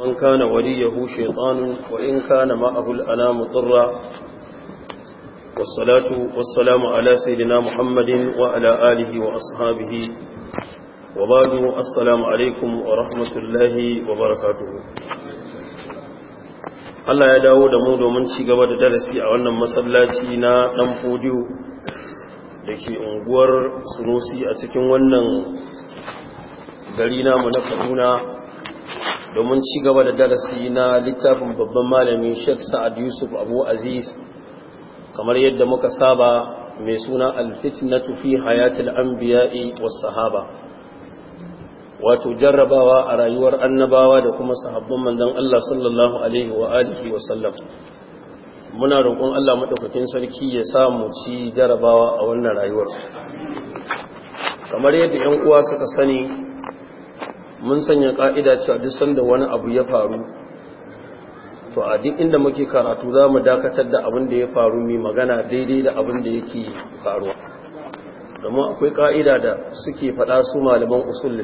من كان وليه شيطان وإن كان معه الأنام طرا والصلاة والسلام على سيدنا محمد وعلى آله وأصحابه وبعد السلام عليكم ورحمة الله وبركاته Allah ya dawo da mu domin ci gaba da darasi a wannan masallaci na ɗan fodiyo da ke unguwar sunusi a cikin wannan gari namu na kaduna domin ci gaba da darasi na littafin babban malami Sheikh Sa'ad Yusuf Abu Aziz kamar yadda muka saba mai suna na tufi fi hayatil anbiya'i was sahaba wato jarrabawa a rayuwar annabawa da kuma sahabban manzon Allah sallallahu alaihi wa alihi wa sallam muna roƙon Allah maɗaukakin sarki ya samu ci jarrabawa a wannan rayuwar kamar yadda 'yan uwa suka sani mun sanya ka'ida cewa duk sanda wani abu ya faru to a duk inda muke karatu za mu dakatar da abin da ya faru mai magana daidai da abin da yake faruwa domin akwai ka'ida da suke faɗa su malaman usul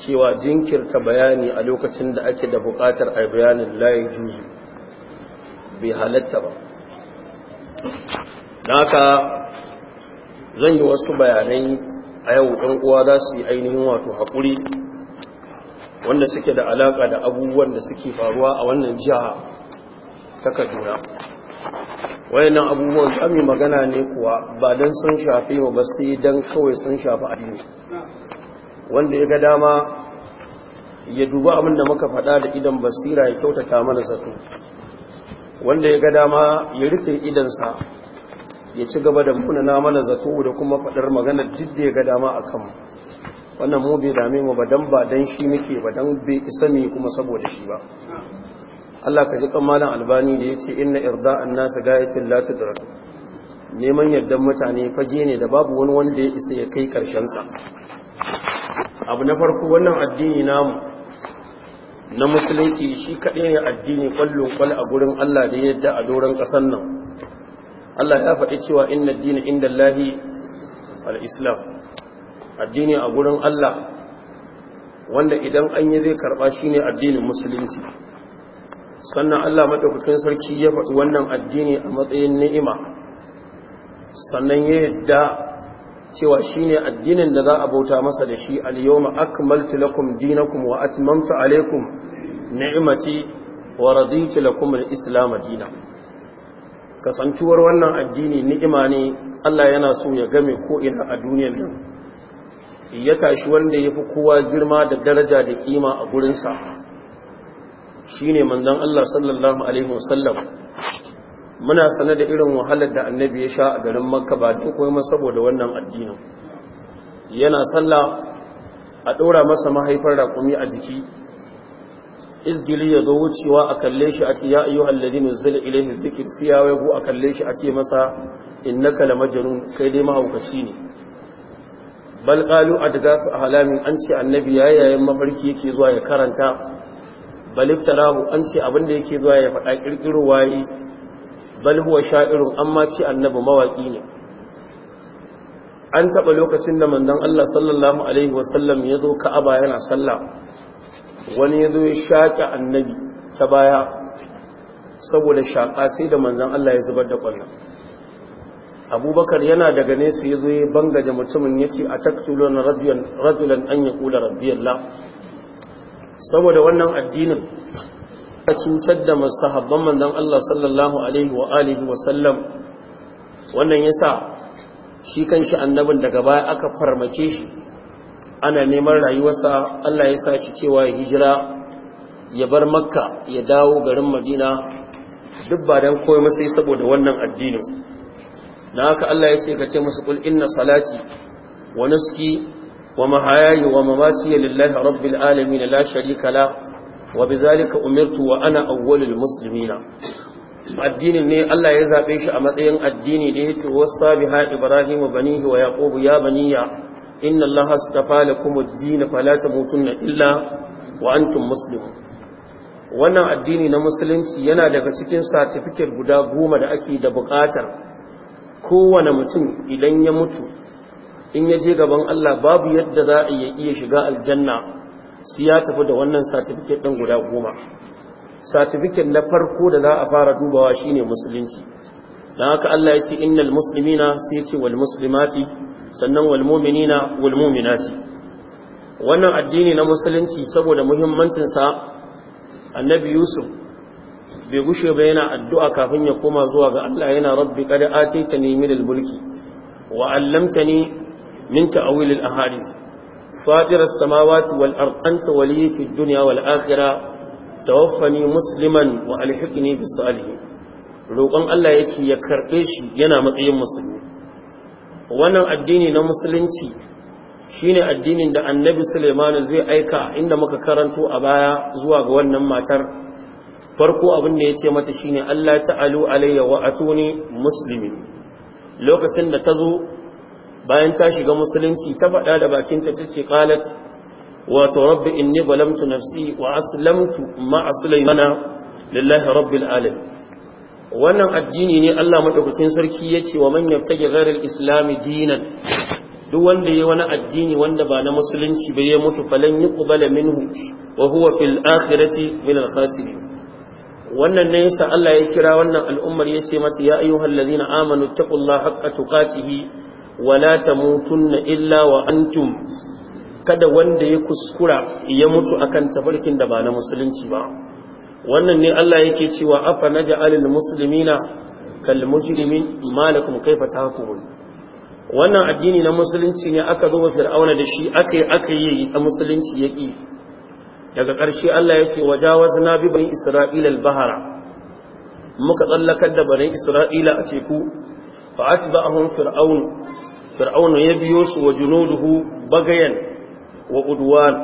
cewa jinkirta bayani a lokacin da ake da buƙatar a bayanin layi juzu bai halatta ba haka zan yi wasu bayanai a yau ɗan uwa za su yi ainihin wato haƙuri wanda suke da alaƙa da abubuwan da suke faruwa a wannan jiha ta kaduna wayannan abubuwan sami magana ne kuwa ba don sun shafi mu ba sai don kawai sun shafi addini wanda ya ga dama ya duba abin da muka faɗa da idan basira ya kyautata mana zato wanda ya ga dama ya rufe idansa ya ci gaba da na mana zato da kuma faɗar magana duk ya ga dama a kanmu wannan mu bai dame mu ba dan ba dan shi muke ba dan bai isa mu kuma saboda shi ba Allah ka ji kamalan albani da yace inna irda an-nas gayatin la tudrak neman yadda mutane fage ne da babu wani wanda ya isa ya kai karshen sa abu na farko wannan addini namu na musulunci shi kadai ne addini kwallon kwal a gurin Allah da yadda a doron ƙasar nan Allah ya faɗi cewa inna dina inda Allahi al'islam addini a gurin Allah wanda idan an yi zai karɓa shi ne addinin musulunci sannan Allah maɗaukakin sarki ya faɗi wannan addini a matsayin ni'ima sannan ya yadda cewa shi ne addinin da za a bauta masa da shi al-yawma akmaltu lakum dinakum wa atmamtu alaikum ni'imati wa raditu lakum al-islam dinan kasantuwar wannan addini ni'ima ne Allah yana so ya game ko ina a duniyar nan ya tashi wanda ya fi kowa girma da daraja da kima a gurinsa shine manzon Allah sallallahu alaihi wasallam muna sanar da irin wahalar da annabi ya sha a garin makka ba ta ma saboda wannan addinin yana sallah a ɗora masa mahaifar raƙumi a jiki izdili ya zo wucewa a kalle shi a ce ya ayyu zai nuzila ilayhi zikir sai ya wayo a kalle shi a ce masa innaka lamajnun kai dai mahaukaci ne bal qalu su ahlamin an ce annabi ya yayin mafarki yake zuwa ya karanta bal iftarahu an ce abin da yake zuwa ya faɗa kirkiro waye bal huwa sha'irun amma ce annabi mawaki ne an taɓa lokacin da manzon Allah sallallahu alaihi wasallam ya zo Ka'aba yana sallah wani ya zo ya shaƙi annabi ta baya saboda shaƙa sai da manzan Allah ya zubar da ƙwallon abubakar yana daga nesa ya zo ya bangaje mutumin ya ce a taktulon rajulan an ya ƙula la saboda wannan addinin a cutar da masahabban manzan Allah sallallahu alaihi wa alihi wa sallam wannan yasa shi kan shi annabin daga baya aka farmake shi ana neman rayuwarsa Allah ya sa shi cewa ya hijira ya bar makka ya dawo garin madina duk ba don koyi masai saboda wannan addinin na haka Allah ya ce ka ce musu kul inna salati wa nuski wa mahayaya wa mamati lillahi rabbil alamin la sharika la wa bizalika umirtu wa ana awwalul muslimina addinin ne Allah ya zabe shi a matsayin addini da yake wasa biha ibrahimu banihi wa yaqubu ya baniya inna allaha astafa lakum ad-din fala tamutunna illa wa antum muslimun wannan addini na musulunci yana daga cikin certificate guda goma da ake da buƙatar kowane mutum idan ya mutu in ya je gaban Allah babu yadda za a iya shiga aljanna sai ya tafi da wannan certificate din guda goma certificate na farko da za a fara dubawa shine musulunci Da haka Allah ya ce innal muslimina sai ya ce wal muslimati sannan wal mu'minina wal mu'minati wannan addini na musulunci saboda muhimmancin sa annabi yusuf bai gushe ba yana addu'a kafin ya koma zuwa ga Allah yana rabbi qad ataytani min al mulki wa 'allamtani min ta'wil al ahadith fatir as samawati wal ard anta waliyyi fid dunya wal akhirah tawaffani musliman wa alhiqni bis salihin roƙon Allah yake ya karɓe shi yana matsayin musulmi wannan addini na musulunci shine addinin da annabi Suleiman zai aika inda muka karanto a baya zuwa ga wannan matar farko abin da ya ce mata shine Allah ta'alu alayya wa atuni muslimi lokacin da ta zo bayan ta shiga musulunci ta faɗa da bakinta ta ce qalat wato rabbi inni zalamtu nafsi wa aslamtu ma'a sulaymana lillahi rabbil alamin wannan addini ne Allah madaukakin sarki yace wa man yabtagi gharal islam dinan duk wanda yayi wani addini wanda ba na musulunci bai ya mutu falan yuqbala minhu wa huwa fil akhirati min al khasirin wannan ne yasa Allah ya kira wannan al'ummar yace mata ya ayyuhal ladina amanu taqullaha haqqa tuqatihi wa la tamutunna illa wa antum kada wanda ya kuskura ya mutu akan tafarkin da ba na musulunci ba wannan ne Allah yake cewa afa naj'alul muslimina kal mujrimin malakum kaifa tahkumun wannan addini na musulunci ne aka zo fir'auna da shi aka yi aka yi a musulunci yaki daga ƙarshe Allah yake wajawazna bi bani isra'ila al-bahara muka tsallakar da bani isra'ila a teku fa atba'ahum fir'aun fir'aun ya biyo su wa junuduhu bagayan wa udwan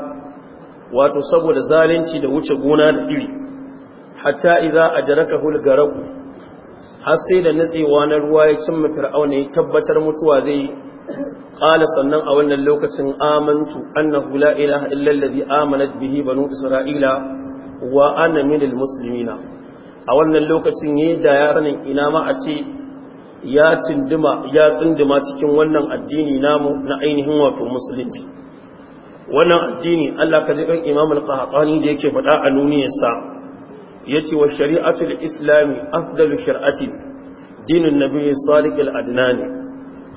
wato saboda zalunci da wuce gona da iri hatta iza ajrakahu al-garq har sai da natsewa na ruwa ya cimma fir'auna ya tabbatar mutuwa zai qala sannan a wannan lokacin amantu annahu la ilaha illa amanat bihi banu isra'ila wa ana minal muslimina a wannan lokacin yayi da yaranin ina ma a ce ya tunduma ya cikin wannan addini namu na ainihin wato musulunci wannan addini Allah ka ji kan Imam al da yake faɗa a nuniyarsa yace wa shari'atul islami afdalu shar'ati dinun nabiyyi salih al-adnani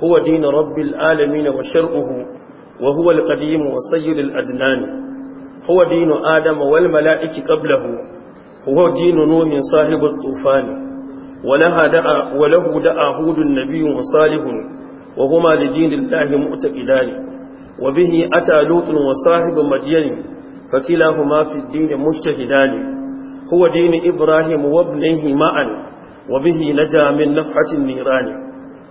huwa din rabbil alamin wa shar'uhu wa huwa al-qadim wa sayyid al-adnani huwa din adam wal mala'iki qablahu huwa din nuh sahib at-tufan ولها دعا وله دعا هود النبي وصالح وهما mu'taqidani wa bihi ata أتى wa sahibu مدين fakilahuma fi dinin مجتهدان huwa dini ibrahim wa ibnihi ma'an wa bihi naja min nafhatin nirani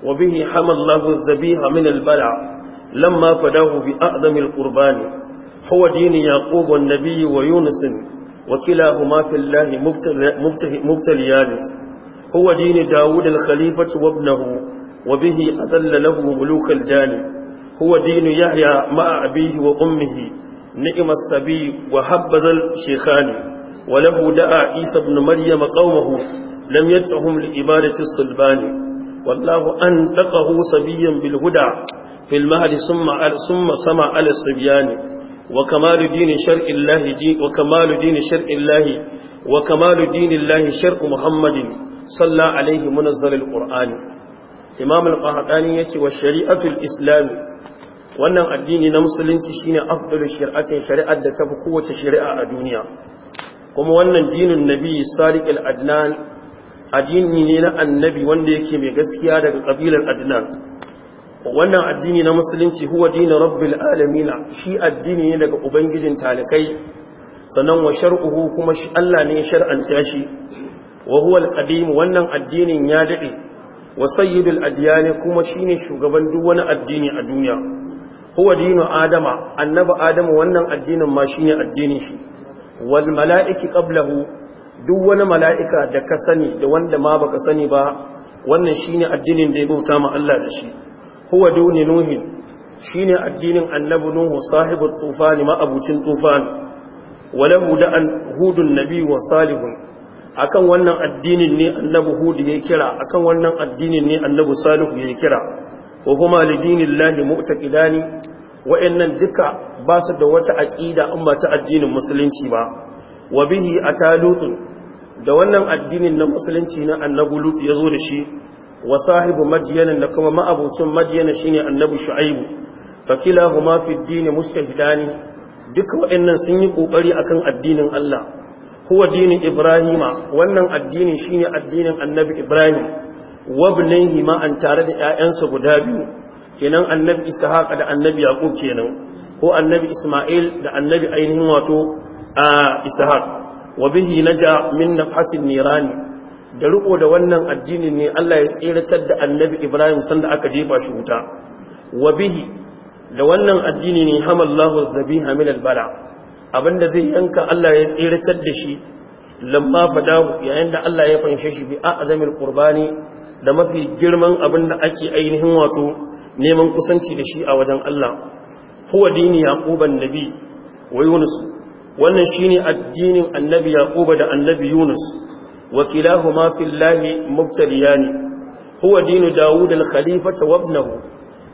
wa bihi hamallahu adh-dhabiha min al-bala' لما فداه بأعظم القربان هو دين يعقوب النبي ويونس وكلاهما في الله مبتليان هو دين داود الخليفة وابنه وبه أذل له ملوك الجان هو دين يحيى مع أبيه وأمه نئم السبي وحبذ الشيخان وله دعا عيسى بن مريم قومه لم يدعهم لإبادة الصلبان والله أنتقه صبيا بالهدى في المهد ثم ثم سمع على الصبيان وكمال دين شرع الله دين وكمال دين شرع الله وكمال دين الله شرع محمد صلى عليه منزل القرآن إمام القحطاني يتي والشريعة الإسلامية wannan addini na musulunci shine afdalu shari'atin shari'ar da tafi kowace shari'a a duniya kuma wannan dinin nabi sadiq al-adnan addini ne na annabi wanda yake mai gaskiya daga kabilar adnan wannan addini na musulunci huwa dinin rabbil alamin shi addini ne daga ubangijin talikai sannan wa shar'uhu kuma shi Allah ne shar'anta shi wa huwa al wannan addinin ya dade wa sayyidul adyani kuma shine shugaban duk wani addini a duniya huwa dinu adama annabi adama wannan addinin ma shine addinin shi wal mala'iki qablahu duk wani mala'ika da ka sani da wanda ma baka sani ba wannan shine addinin da ya bauta ma Allah da shi huwa duni nuhi shine addinin annabi nuhu sahibul tufani ma abucin tufani walahu da hudun nabi wa salihun akan wannan addinin ne Annabu hudu ya kira akan wannan addinin ne annabi salihu ya kira wa kuma lidinin lahi mu'taqidani duka ba su da wata aƙida in ba ta addinin musulunci ba wa bihi a atalutun da wannan addinin na musulunci na annabu lutu ya zo da shi wa sahibu madyan da kuma ma'abucin shi shine annabi shu'aibu fa ma fi dini mustahidani duka waɗannan sun yi ƙoƙari a kan addinin Allah huwa dinin ibrahima wannan addinin shine addinin annabi ibrahim wabnaihi ma an tare da 'ya'yansa guda biyu kenan annabi ishaqa da annabi yaqub kenan ko annabi isma'il da annabi ainihin wato a ishaq wa bihi naja min nafhatin nirani da riko da wannan addinin ne Allah ya tsiratar da annabi ibrahim sanda aka jefa shi wuta wa bihi da wannan addini ne hamallahu zabiha min albala abinda zai yanka Allah ya tsiratar da shi lamma fadahu yayin da Allah ya fanshe shi bi a'zamil qurbani da mafi girman abinda da ake ainihin wato neman kusanci da shi a wajen Allah huwa dini yaquba annabi wa yunus wannan shine addinin annabi yaquba da annabi yunus wa kilahuma fillahi mubtadiyani huwa dinu daud al-khalifata wa ibnahu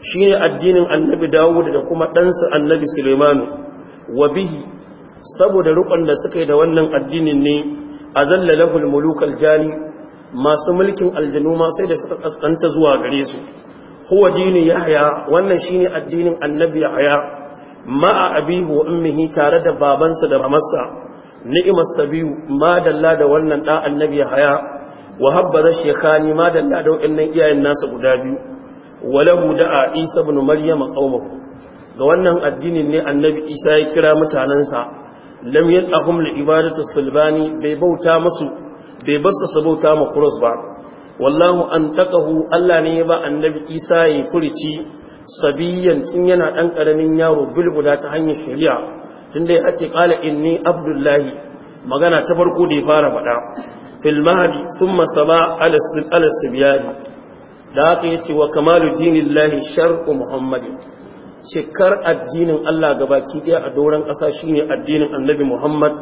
shine addinin annabi daud da kuma ɗansa annabi sulaiman wa bihi saboda rukun da suka yi da wannan addinin ne azallalahu al-muluk al-jani masu mulkin aljanu ma sai da suka kaskanta zuwa gare su huwa dini yahya wannan shine addinin annabi yahya ma'a abihi wa ummihi tare da babansa da mamarsa ni'imar sabi'u ma dalla da wannan da annabi yahya wa habbaza shekhani ma dalla da waɗannan iyayen nasa guda biyu walahu da'a isa ibn maryama qaumahu ga wannan addinin ne annabi isa ya kira mutanansa lam yad'ahum li ibadati sulbani bai bauta musu bai bassa su bauta ma cross ba wallahu an takahu Allah ne ya ba annabi Isa ya furici sabiyan tun yana dan karamin yaro bilbula ta hanyar shari'a tunda ake qala inni abdullahi magana ta farko da ya fara faɗa fil mahdi thumma saba ala ala da haka yace wa kamalu dinillahi sharqu muhammadin cikar addinin Allah gabaki daya a doron ƙasa shine addinin annabi Muhammad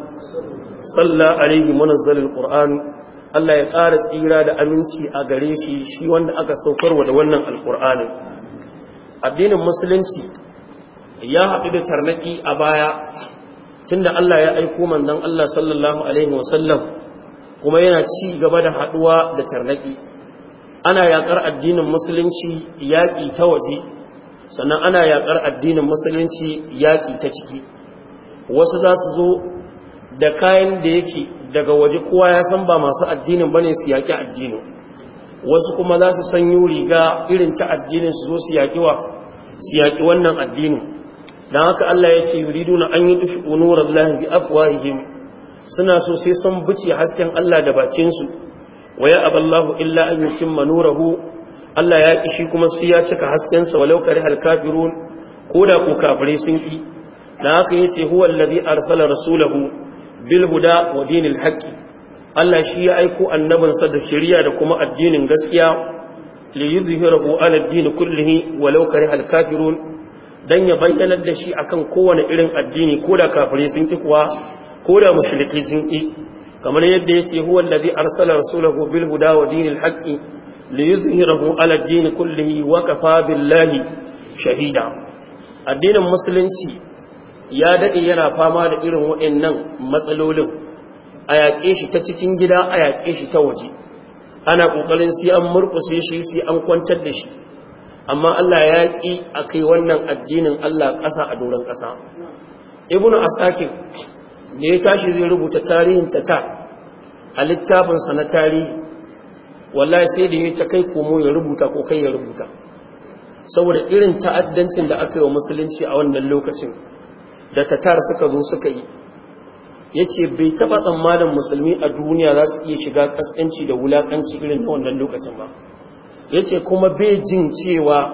sallallahu alaihi wa sallam Allah ya ƙara tsira da aminci a gare shi shi wanda aka saukarwa da wannan alƙur'anin addinin musulunci ya haɗu da tarnaki a baya tunda Allah ya aiko mandan Allah sallallahu alaihi wasallam kuma yana ci gaba da haɗuwa da tarnaki ana yaƙar addinin musulunci yaƙi ta waje sannan ana yaƙar addinin musulunci yaƙi ta ciki wasu za su zo da kayan da yake daga waje kowa ya san ba masu addinin ba ne su yaƙi addini wasu kuma za su sanyo riga irin ta addinin su zo su yaƙi wa su yaƙi wannan addinin. don haka Allah ya ce na an yi dufi Allah bi afwahihim suna so sai sun buce hasken Allah da bakin su waya aballahu illa an cimma nurahu Allah ya kishi kuma sai ya cika hasken sa walau kare alkafirun koda ko kafirai sun ki Da haka yace huwa allazi arsala rasulahu bil huda wa dinin haƙƙi. Allah shi ya aiko annabinsa da shari'a da kuma addinin gaskiya li yuzhirahu ala ad-din kullihi walau kariha al dan ya bayyanar da shi akan kowane irin addini koda kafirai sun ki kuwa koda mushriki sun ki kamar yadda yace huwa allazi arsala rasulahu bil huda wa dinin haƙƙi. li yuzhirahu ala ad-din kullihi wa kafa billahi shahida addinin musulunci ya daɗe yana fama da irin waɗannan matsalolin a yaƙe shi ta cikin gida a yaƙe shi ta waje ana ƙoƙarin sai an murƙuse shi sai an kwantar da shi amma Allah ya ƙi a kai wannan addinin Allah ƙasa a doron ƙasa ibnu asakir ne ya tashi zai rubuta tarihin ta a littafinsa na tarihi wallahi sai da ya ta kai komo ya rubuta ko kai ya rubuta saboda irin ta'addancin da aka yi wa musulunci a wannan lokacin da tatar suka zo suka yi ya ce bai taba tsammanin musulmi a duniya za su iya shiga kaskanci da wulaƙanci irin na wannan lokacin ba ya ce kuma bai jin cewa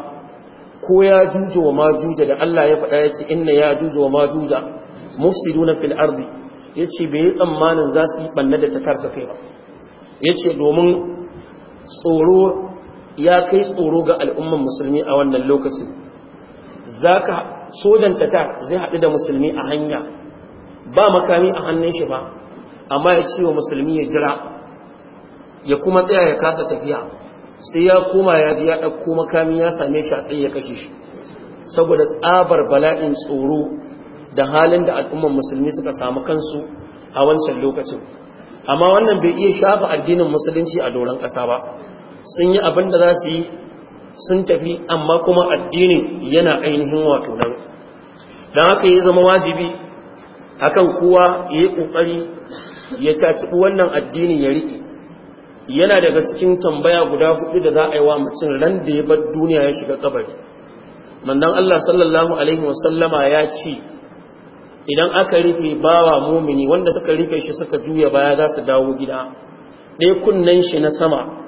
ko ya juja wa majuja da Allah ya faɗa ya ce inna ya juja wa majuja mufsiduna fil ardi ya ce bai yi tsammanin za su yi ɓanna da tatar kai ba ya ce domin tsoro ya kai tsoro ga al'umman musulmi a wannan lokacin za ka sojan tata zai haɗu da musulmi a hanya ba makami a hannun shi ba amma ya ce wa musulmi ya jira ya kuma tsaya ya kasa tafiya sai ya koma ya ji ya ɗauko makami ya same shi a tsaye ya kashe shi saboda tsabar bala'in tsoro da halin da al'umman musulmi suka samu kansu a wancan lokacin amma wannan bai iya shafa addinin musulunci a doron ƙasa ba sun yi abin da za su yi sun tafi amma kuma addinin yana ainihin wato nan don haka ya zama wajibi akan kowa ya yi ƙoƙari ya caciɓi wannan addini ya riƙe yana daga cikin tambaya guda hudu da za a yi wa mutum ran da ya bar duniya ya shiga kabari mandan Allah sallallahu alaihi wasallama ya ce idan aka rufe bawa mumini wanda suka rufe shi suka juya baya za su dawo gida ɗaya kunnen shi na sama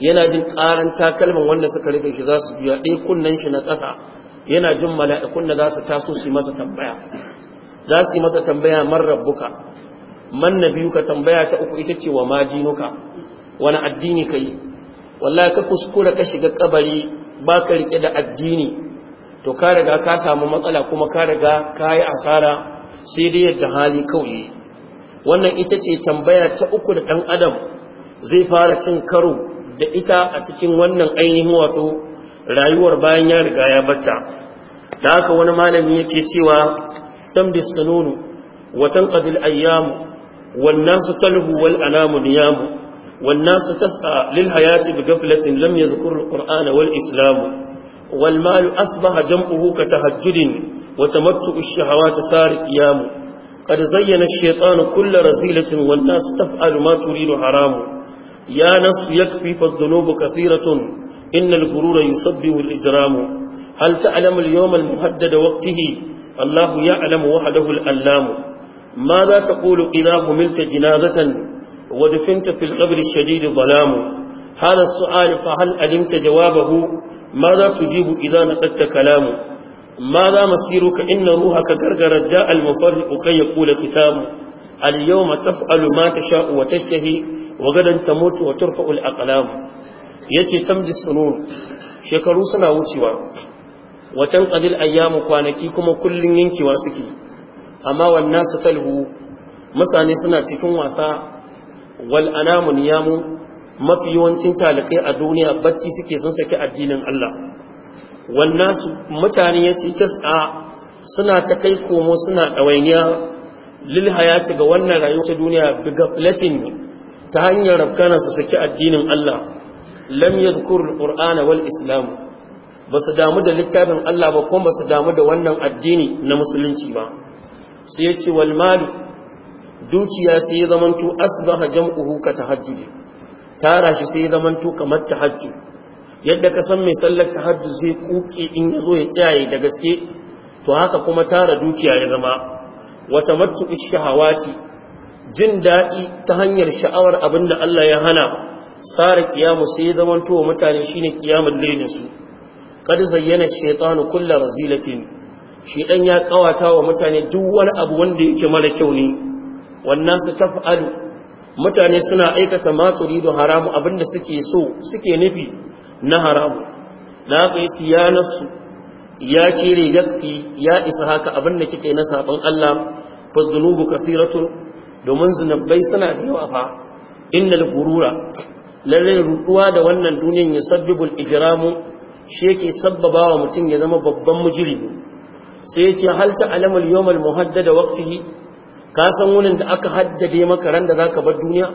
yana jin ƙaran takalman wanda suka rufe shi za su biya ɗaya kunnen shi na ƙasa yana jin mala'ikun da za su taso su masa tambaya za su yi masa tambaya man rabbuka man ka tambaya ta uku ita ce wa majinuka, wani addini kai wallahi ka kuskura ka shiga kabari ba ka rike da addini to ka riga ka samu matsala kuma ka riga ka yi asara sai dai yadda hali kawai wannan ita ce tambaya ta uku da ɗan adam zai fara cin karo da ita a cikin wannan ainihin wato rayuwar bayan ya riga ya bata Na haka wani malami yake cewa dan bisanunu watan qadil ayyam wal nas talhu wal anamu niyam wal nas tas'a lil hayati bi ghaflatin lam yadhkur al qur'an wal islam wal mal asbaha jam'uhu ka tahajjudin wata tamattu al ta sar qiyam qad zayyana ash-shaytanu kull razilatin wal nas taf'alu ma haramu ya nasu ya kafi faddano bu kasiratun innal gurura yi sabbi wa ijiramu hal ta alamul yawon muhaddada waktihi allahu ya alamu wa hadahul allamu ma za ta kulu ina humilta jinazatan wa dufinta fil qabri shadidu balamu hala su alifa hal alimta jawabahu ma za ta jibu ina na ɗatta kalamu ma za masiru ka inna ruha ka gargara ja'al mafarri ukai ya kula fitamu al-yawma taf'alu ma sha'u, wa tashtahi wa gadan tamutu wa turfa'u al-aqlam yace tamdi sunur shekaru suna wucewa watan qadil ayyamu kwanaki kuma kullum yankewa suke amma wannan su talhu mutane suna cikin wasa wal anamu niyamu mafi yawancin talikai a duniya bacci suke sun saki addinin Allah wannan mutane yace tas'a suna ta kai komo suna ɗawainiya lil hayati ga wannan rayuwa ta duniya bi gaflatin ta hanyar rabkana su saki addinin Allah lam yadhkur alqur'ana wal islam ba su damu da littafin Allah ba kuma ba su damu da wannan addini na musulunci ba sai ya ce wal mal dukiya sai ya zamanto asbaha jam'uhu ka tahajjudi tara shi sai ya zamanto kamar tahajjud yadda ka san mai sallar tahajjud zai kuke in yazo ya tsaye da gaske to haka kuma tara dukiya ya zama wata tamattu shahawati jin daɗi ta hanyar sha'awar abin da Allah ya hana tsara kiyamu sai ya zama wa mutane shi shine kiyamun lailin su zayyana shaytanu kullu razilatin ɗan ya ƙawata wa mutane duk wani abu wanda yake mara kyau ne wannan su fa’adu mutane suna aikata matsuri da haramu abin da suke so suke nufi na haramu na haka yi su ya cire yakfi ya isa haka abin da kike na sabon Allah fa kasiratun domin zinabbai suna da yawa fa innal gurura lalle ruduwa da wannan duniyan ya sabbibu ijramu shi yake sabbaba wa mutum ya zama babban mujrimi sai ya ce hal ta'lamu al-yawm al-muhaddada waqtihi ka san wunin da aka haddade maka ran da zaka bar duniya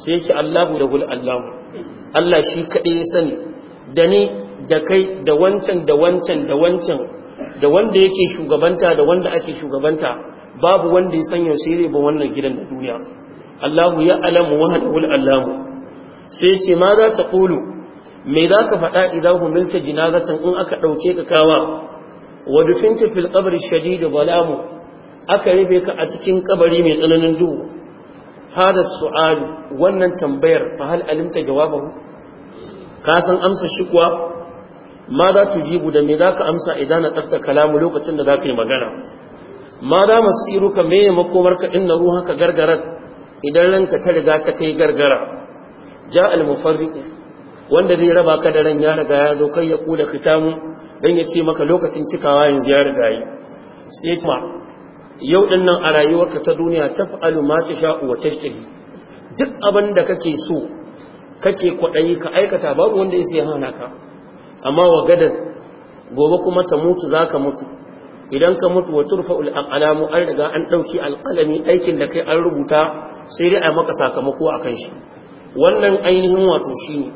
sai ya ce Allahu da gul Allahu Allah shi kadai ya sani da ni da kai da wancan da wancan da wancan da wanda yake shugabanta da wanda ake shugabanta babu wanda ya sanya zai ba wannan gidan da duniya Allahu ya alamu wa hadawul allamu sai ce ma za ta kulu me za ka faɗa idan humilta jinazatan in aka ɗauke ka kawa wa dufinta fil qabri shadid balamu aka rufe ka a cikin kabari mai tsananin duhu hada su'al wannan tambayar fa hal alimta jawabahu ka san amsa shi kuwa ma za tu jibu da me za ka amsa idan na tsafta kalamu lokacin da za ka yi magana ma za mu tsiru ka me makomar ka inna ruha ka gargara idan ranka ta riga ta kai gargara ja al wanda zai raba ka da ran ya riga ya zo kai ya kula kitamu dan ya ce maka lokacin cikawa yanzu ya riga yi sai ya ce yau din nan a rayuwarka ta duniya taf'alu ma tasha'u wa tashtahi duk abin da kake so kake kwaɗayi ka aikata babu wanda ya sai hana ka amma wa gadan gobe kuma ta mutu za ka mutu idan ka mutu wa turfa alamu an riga an ɗauki alƙalami aikin da kai an rubuta sai dai a maka sakamako a kan shi wannan ainihin wato shi ne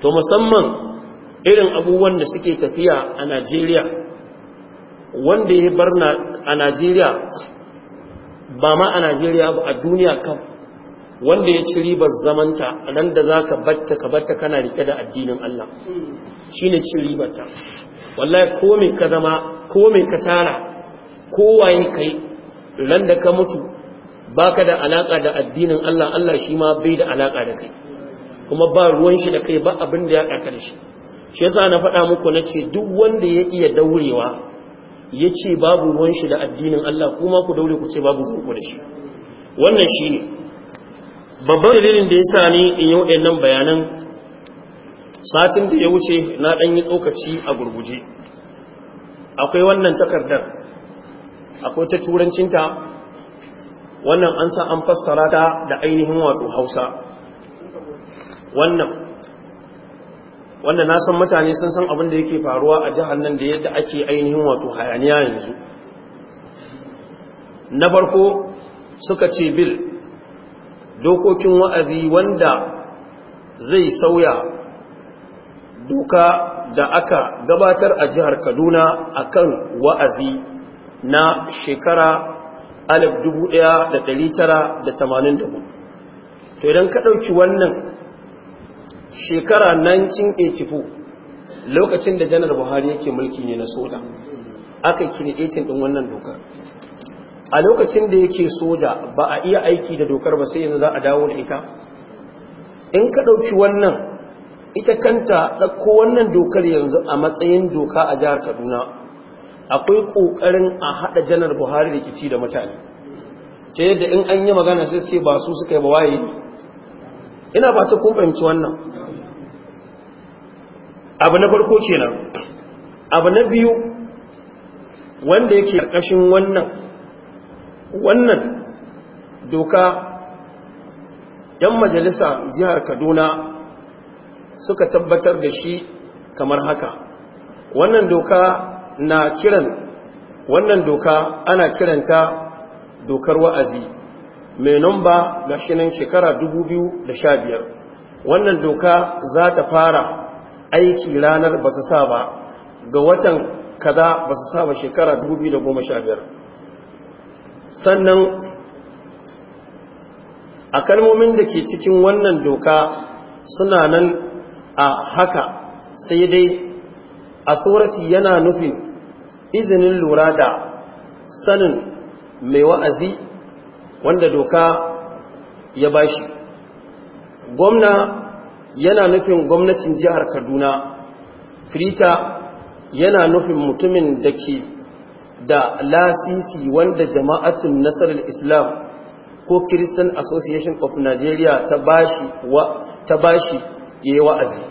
to musamman irin abubuwan da suke tafiya a najeriya wanda ya bar a najeriya ba ma a najeriya ba a duniya kan wanda ya ci ribar zamanta ran da za ka batta ka batta kana rike da addinin Allah shine ci ribar ta wallahi ko me ka zama ko me ka tara ko waye kai ran da ka mutu ba ka da alaka da addinin Allah Allah shi ma bai da alaka da kai kuma ba ruwan shi da kai ba abin da ya kakar shi shi yasa na faɗa muku na ce duk wanda ya iya daurewa ya ce babu ruwan shi da addinin Allah kuma ku daure ku ce babu ruwan da shi wannan shi ne. babban dalilin da ya sa ni in yi waɗannan bayanan satin da ya wuce na ɗan yi tsokaci a gurguje akwai wannan takardar akwai ta turancinta wannan an sa an fassara ta da ainihin wato hausa wannan wannan na san mutane sun san abin da yake faruwa a jihar nan da yadda ake ainihin wato hayaniya yanzu na farko suka ce bil dokokin wa'azi wanda zai sauya duka da aka gabatar a jihar kaduna a kan wa'azi na shekara 1984 to idan ka ɗauki wannan shekara 1984 lokacin da janar buhari yake mulki ne na soda aka kiri 18 ɗin wannan dokar. a lokacin da yake soja ba a iya aiki da dokar ba sai yanzu za a dawo da ita in ka ɗauki wannan ita kanta ɗauko wannan dokar yanzu a matsayin doka a jihar kaduna akwai ƙoƙarin a haɗa janar buhari rikici da mutane ta yadda in an yi magana sai ce ba su suka yi ba waye ina ba ta kun fahimci wannan abu na farko kenan abu na biyu wanda yake ƙarƙashin wannan wannan doka yan majalisa jihar kaduna suka tabbatar da shi kamar haka wannan doka na kiran wannan doka ana kiranta dokar wa'azi mai numba ga shinin shekara 2015 wannan doka za ta fara aiki ranar ba su sa ba ga watan kaza ba su sa ba shekara 2015 sannan a kalmomin da ke cikin wannan doka suna nan a haka sai dai a tsorati yana nufin izinin lura da sanin mai wa'azi wanda doka ya bashi gwamna yana nufin gwamnatin jihar kaduna firita yana nufin mutumin da ke da lasisi wanda jama'atun nasarar islam ko christian association of nigeria ta bashi ya yi wa'azi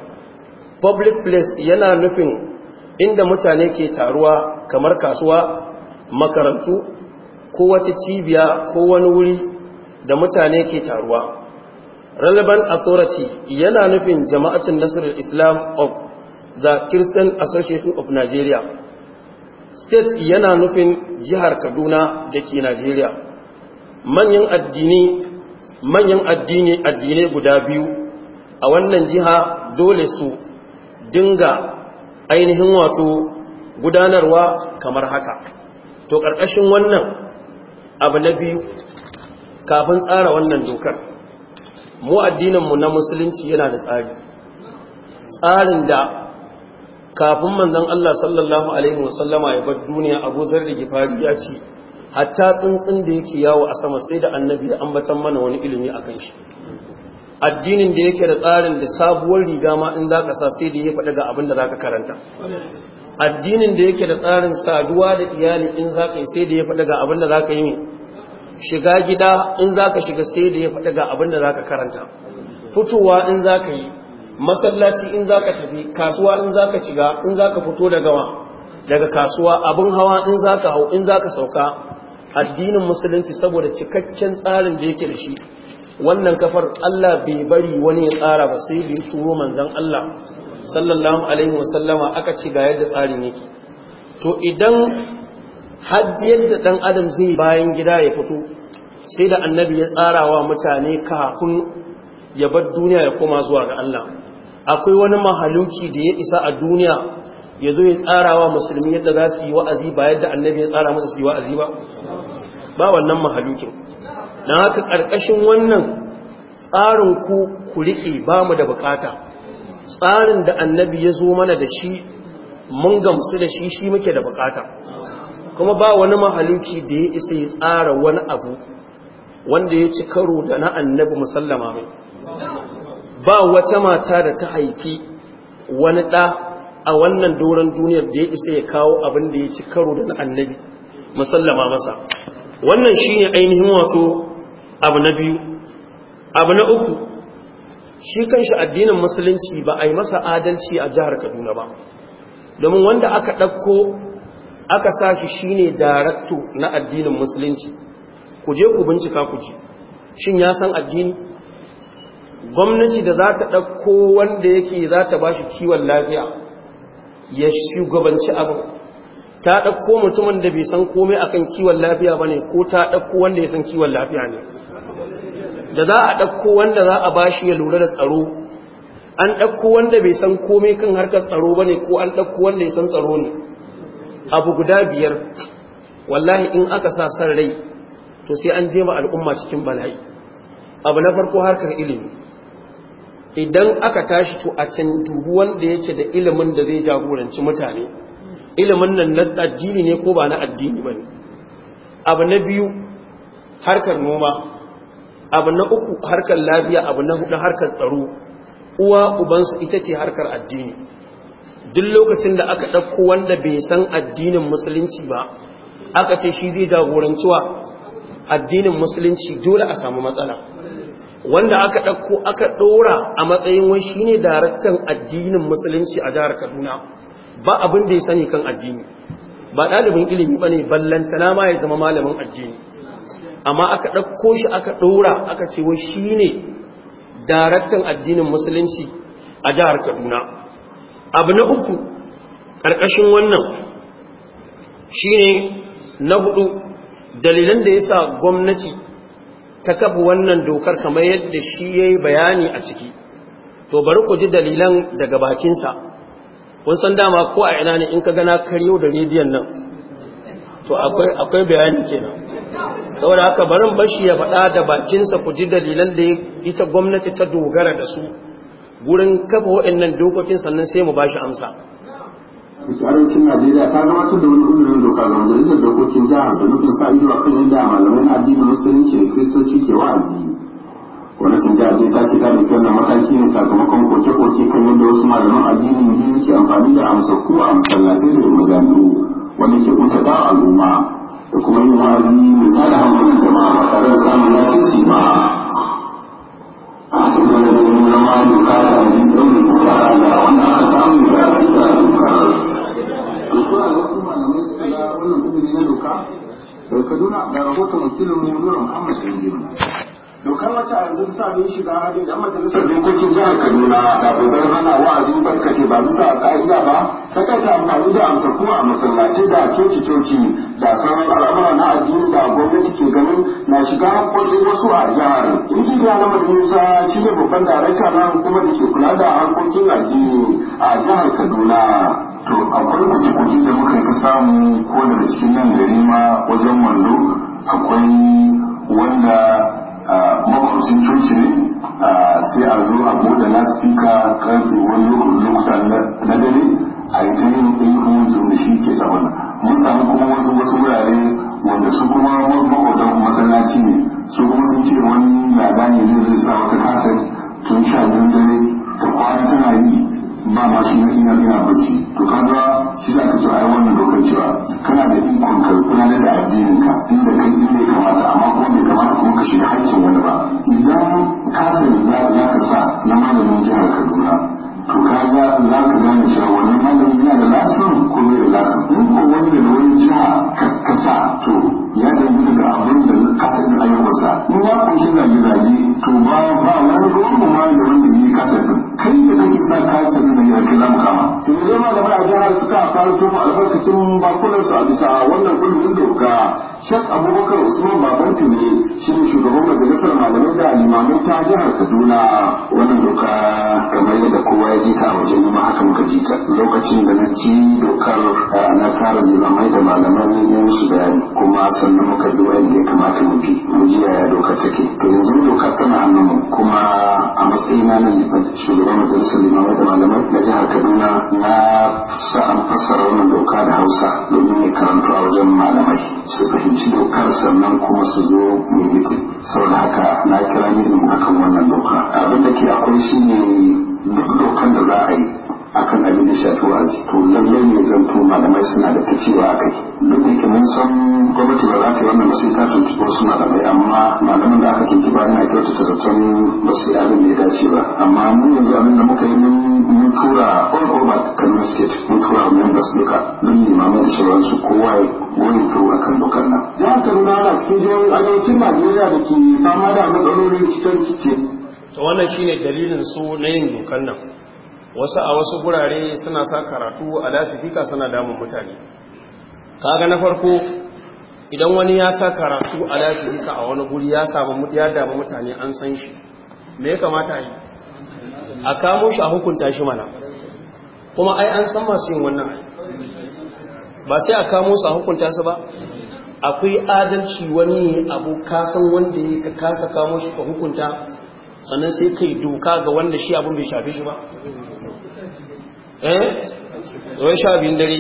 public place yana nufin inda mutane ke taruwa kamar kasuwa makarantu ko wata cibiya ko wani wuri da mutane ke taruwa relevant authority yana nufin jama'atun nasarar islam of the christian association of nigeria state yana nufin jihar kaduna da ke najeriya manyan addini manyan addini addinai guda biyu a wannan jiha dole su dinga ainihin wato gudanarwa kamar haka to ƙarƙashin wannan abu na biyu kafin tsara wannan dokar mu addininmu na musulunci yana da tsari tsarin da kafin manzon Allah sallallahu alaihi wasallama ya bar duniya Abu Zarri Gifari ya ce hatta tsuntsun da yake yawo a sama sai da annabi ya ambatan mana wani ilimi akan shi addinin da yake da tsarin da sabuwar riga ma in zaka sa sai da ya faɗa ga abin da zaka karanta addinin da yake da tsarin saduwa da iyali in zaka yi sai da ya faɗa ga abin da zaka yi shiga gida in zaka shiga sai da ya faɗa ga abin da zaka karanta fitowa in zaka yi masallaci in za ka tafi kasuwa in za ka shiga in za ka fito daga wa daga kasuwa abin hawa in za ka hau in za ka sauka addinin musulunci saboda cikakken tsarin da yake da shi wannan kafar Allah bai bari wani ya tsara ba sai bai turo manzon Allah sallallahu alaihi wasallama aka ce ga yadda tsarin yake to idan haddi yadda dan adam zai bayan gida ya fito sai da annabi ya tsara wa mutane kafin ya bar duniya ya koma zuwa ga Allah akwai wani mahaluki da ya isa a duniya ya zo ya tsara wa musulmi yadda za su yi wa'azi ba yadda annabi ya tsara masa su yi wa'azi ba ba wannan mahalukin don haka ƙarƙashin wannan tsarin ku ku riƙe ba mu da bukata tsarin da annabi ya zo mana da shi mun gamsu da shi shi muke da bukata kuma ba wani mahaluki da ya isa ya tsara wani abu wanda ya ci karo da na annabi musallama mai ba wata mata da ta haifi wani ɗa a wannan doron duniyar da ya isa ya kawo abin da ya ci karo da na annabi musallama masa wannan shi ne ainihin wato abu na biyu abu na uku shi kanshi addinin musulunci ba a yi masa adalci a jihar kaduna ba domin wanda aka ɗauko aka sa shi shi ne darakto na addinin musulunci ku je ku bincika ku ji shin ya san addini gwamnati da za ta ɗauko wanda yake za ta ba shi kiwon lafiya ya shugabanci abin ta ɗauko mutumin da bai san komai akan kiwon lafiya ba ne ko ta ɗauko wanda ya san kiwon lafiya ne da za a ɗauko wanda za a ba shi ya lura da tsaro an ɗauko wanda bai san komai kan harkar tsaro ba ne ko an ɗauko wanda ya san tsaro ne abu guda biyar wallahi in aka sa san rai to sai an jema al'umma cikin bala'i abu na farko harkar ilimi idan aka tashi to a can dubu wanda yake da ilimin da zai jagoranci mutane ilimin nan na addini ne ko ba na addini ba ne abu na biyu harkar noma abu na uku harkar lafiya abu na hudu harkar tsaro uwa ubansu ita ce harkar addini duk lokacin da aka ɗauko wanda bai san addinin musulunci ba aka ce shi zai jagoranci wa addinin musulunci dole a samu matsala wanda aka ɗauko aka ɗora a matsayin wani shi ne daraktan addinin musulunci a jihar kaduna ba abin da ya sani kan addini ba ɗalibin ilimi ba ne ballantana ma ya zama malamin addini amma aka ɗauko shi aka ɗora aka ce wani shi ne daraktan addinin musulunci a jihar kaduna abu na uku ƙarƙashin wannan shi ne na hudu dalilan da ya sa gwamnati ta kafa wannan dokar kamar yadda shi ya yi bayani a ciki to bari ku ji dalilan daga bakinsa kun san dama ko a ina ne in ka gana karyo da rediyon nan to akwai bayani kenan saboda haka barin bashi ya faɗa da bakinsa ku ji dalilan da ita gwamnati ta dogara da su gurin kafa nan dokokin sannan sai mu bashi amsa da arewacin najeriya ta gabatar da wani ƙudurin doka ga majalisar dokokin jihar da nufin sa ido a kan yadda malamai addini addinin musulunci da kiristoci ke wa'azi gwamnatin jihar dai ta ce ta dauki wannan mataki ne sakamakon koke-koke kan yadda wasu malaman addini biyu ke amfani da amsakku a masallatai da majami'u wanda ke kuntata al'umma da kuma yin wa'azi mai tada hankalin jama'a ba tare da samun lasisi ba a cikin wani doka da wani ɗaurin kuka da wanda aka samu ya fi da doka zuwa ga wasu malamai suka ga wannan izini na doka daga kaduna ga rahoton wakilin mu da yanzu. dangiru dokar wacce a yanzu sa ne shiga hadin da majalisar dokokin jihar kaduna da gobe hana wa'azi barkace ba bisa ka'ida ba ta kaita amfani da amsaku a masallaci da coci coci da sauran al'amura na addini da gwamnati ke ganin na shiga hankali wasu a jihar injiniya na majalisa shi ne babban darakta na hukumar da ke kula da harkokin addini a jihar kaduna to akwai kuɗi-kuɗi da muka ta samu ko daga cikin nan gari ma wajen wando akwai wanda makwacin coci ne sai a zo a buɗe na spika karfe wani lokuta na dare a yi ta yin ɗayyukan zuwa shi ke saman mun samu kuma wasu wasu wurare wanda su kuma makwatan masallaci ne su kuma sun ce wani na ne zai sa wata kasar tun sha dare ta kwana tana yi ba ma shi na ina ina bacci to kaga shi za ka so a yi wannan dokar cewa kana da ikon ka gudanar da addinin ka inda kai inda ya kamata amma kuma bai kamata kuma ka shiga haƙƙin wani ba idan ka sani za ka sa na malamin jihar kaduna to kaga za ka gane cewa wani malamin yana da lasin ko bai da lasin in ko wani da wani jiha ka sa to ya danganta da abin da ka sani ayyukansa in ya kunshi da zage to ba ba wani ruwan mu ma da wanda yi kasafin kai da kake sa katin da ya kila mu kama to ne ma da a jihar suka fara tofa albarkacin bakunan su a bisa wannan kullun doka Sheikh Abubakar Usman Babanti ne shi ne shugaban majalisar malamai da limamai ta jihar Kaduna wannan doka kamar yadda kowa ya ji ta a wajen ma haka muka ji ta lokacin da na ci dokar eh, na tsara limamai da malaman ne musu bayani kuma sannan muka bi wanda ya kamata mu bi mu ji yaya dokar take to yanzu doka ta suna kuma a matsayina na shugaban majalisar limamai da malamai na jihar kaduna na sa an fassara wannan doka da hausa domin ya karanta a wajen malamai su fahimci dokar sannan kuma su zo mai saboda haka na kira mitin hakan wannan doka abin da ke akwai shine duk dokan da za a yi akan abin da shafi wa'azi to lallai ne to malamai suna da ta cewa a kai duk da yake mun san gwamnati ba za ta yi wannan masu ta tuntuɓa wasu malamai amma malaman da aka tuntuɓa yana ake zaton ba su yi abin da ya dace ba amma mun yanzu abin da muka yi mun tura all over kalmar state mun tura members duka mun limamai da sauransu kowa ya goyi turu kan dokar nan. ka nuna ana cikin jihohin arewacin najeriya da ke fama da matsalolin cikin rikice wannan shine dalilin su na yin dokar nan wasu a wasu gurare suna sa karatu a lasifika suna damun mutane kaga na farko idan wani ya sa karatu a lasifika a wani guri ya samu ya damu mutane an san shi me ya kamata yi a kamo shi a hukunta shi mana kuma ai an san masu yin wannan ba sai a kamo su a hukunta su ba akwai adalci wani abu kasan wanda ya kasa kamo shi ka hukunta sannan sai kai doka ga wanda shi abin bai shafe shi ba eh zai shafi biyun dare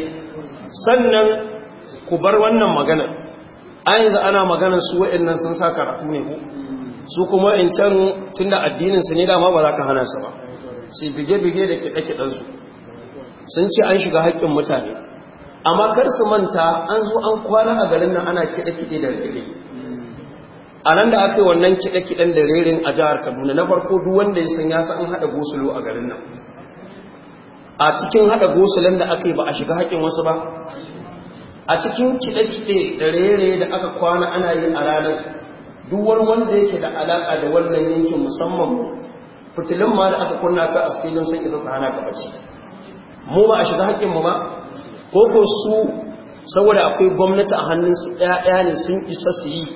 sannan ku bar wannan magana an yanzu ana maganar su wa'annan sun sa karatu ne su kuma in can tun da addininsu ne dama ba za ka hana su ba sai bige-bige da kiɗe-kiɗensu sun ce an shiga haƙƙin mutane amma kar su manta an zo an kwana a garin nan ana kiɗe-kiɗe da rikide a nan da aka yi wannan kiɗe-kiɗen da rerin a jihar kaduna na farko duk wanda ya san ya san hada haɗa gosulo a garin nan a cikin haɗa gosulon da aka yi ba a shiga haƙin wasu ba a cikin kiɗe-kiɗe da rere da aka kwana ana yi a ranar duk wani wanda yake da alaƙa da wannan yankin musamman fitilin ma da aka kunna ka a filin sun isa ta hana ka bace mu ba a shiga haƙƙin mu ba ko ko su saboda akwai gwamnati a hannun su ɗaya ɗaya ne sun isa su yi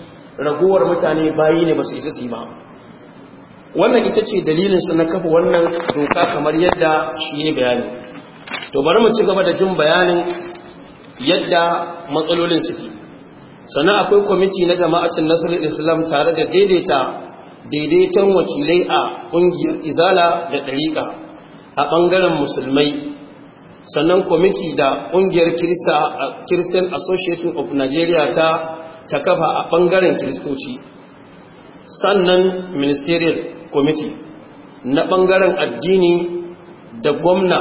Raguwar mutane bayi ne ba su isa su yi ba wannan ita ce dalilinsu na kafa wannan doka kamar yadda shi ne bayani to bari mu ci gaba da jin bayanin yadda matsalolin suke sannan akwai kwamiti na jama'atin nasarar islam tare da daidaita daidaiton wakilai a ƙungiyar izala da ɗariƙa a bangaren musulmai sannan kwamiti da ƙungiyar kirista a christian association of nigeria ta ta kafa a ɓangaren kiristoci sannan ministerial committee na ɓangaren addini da gwamna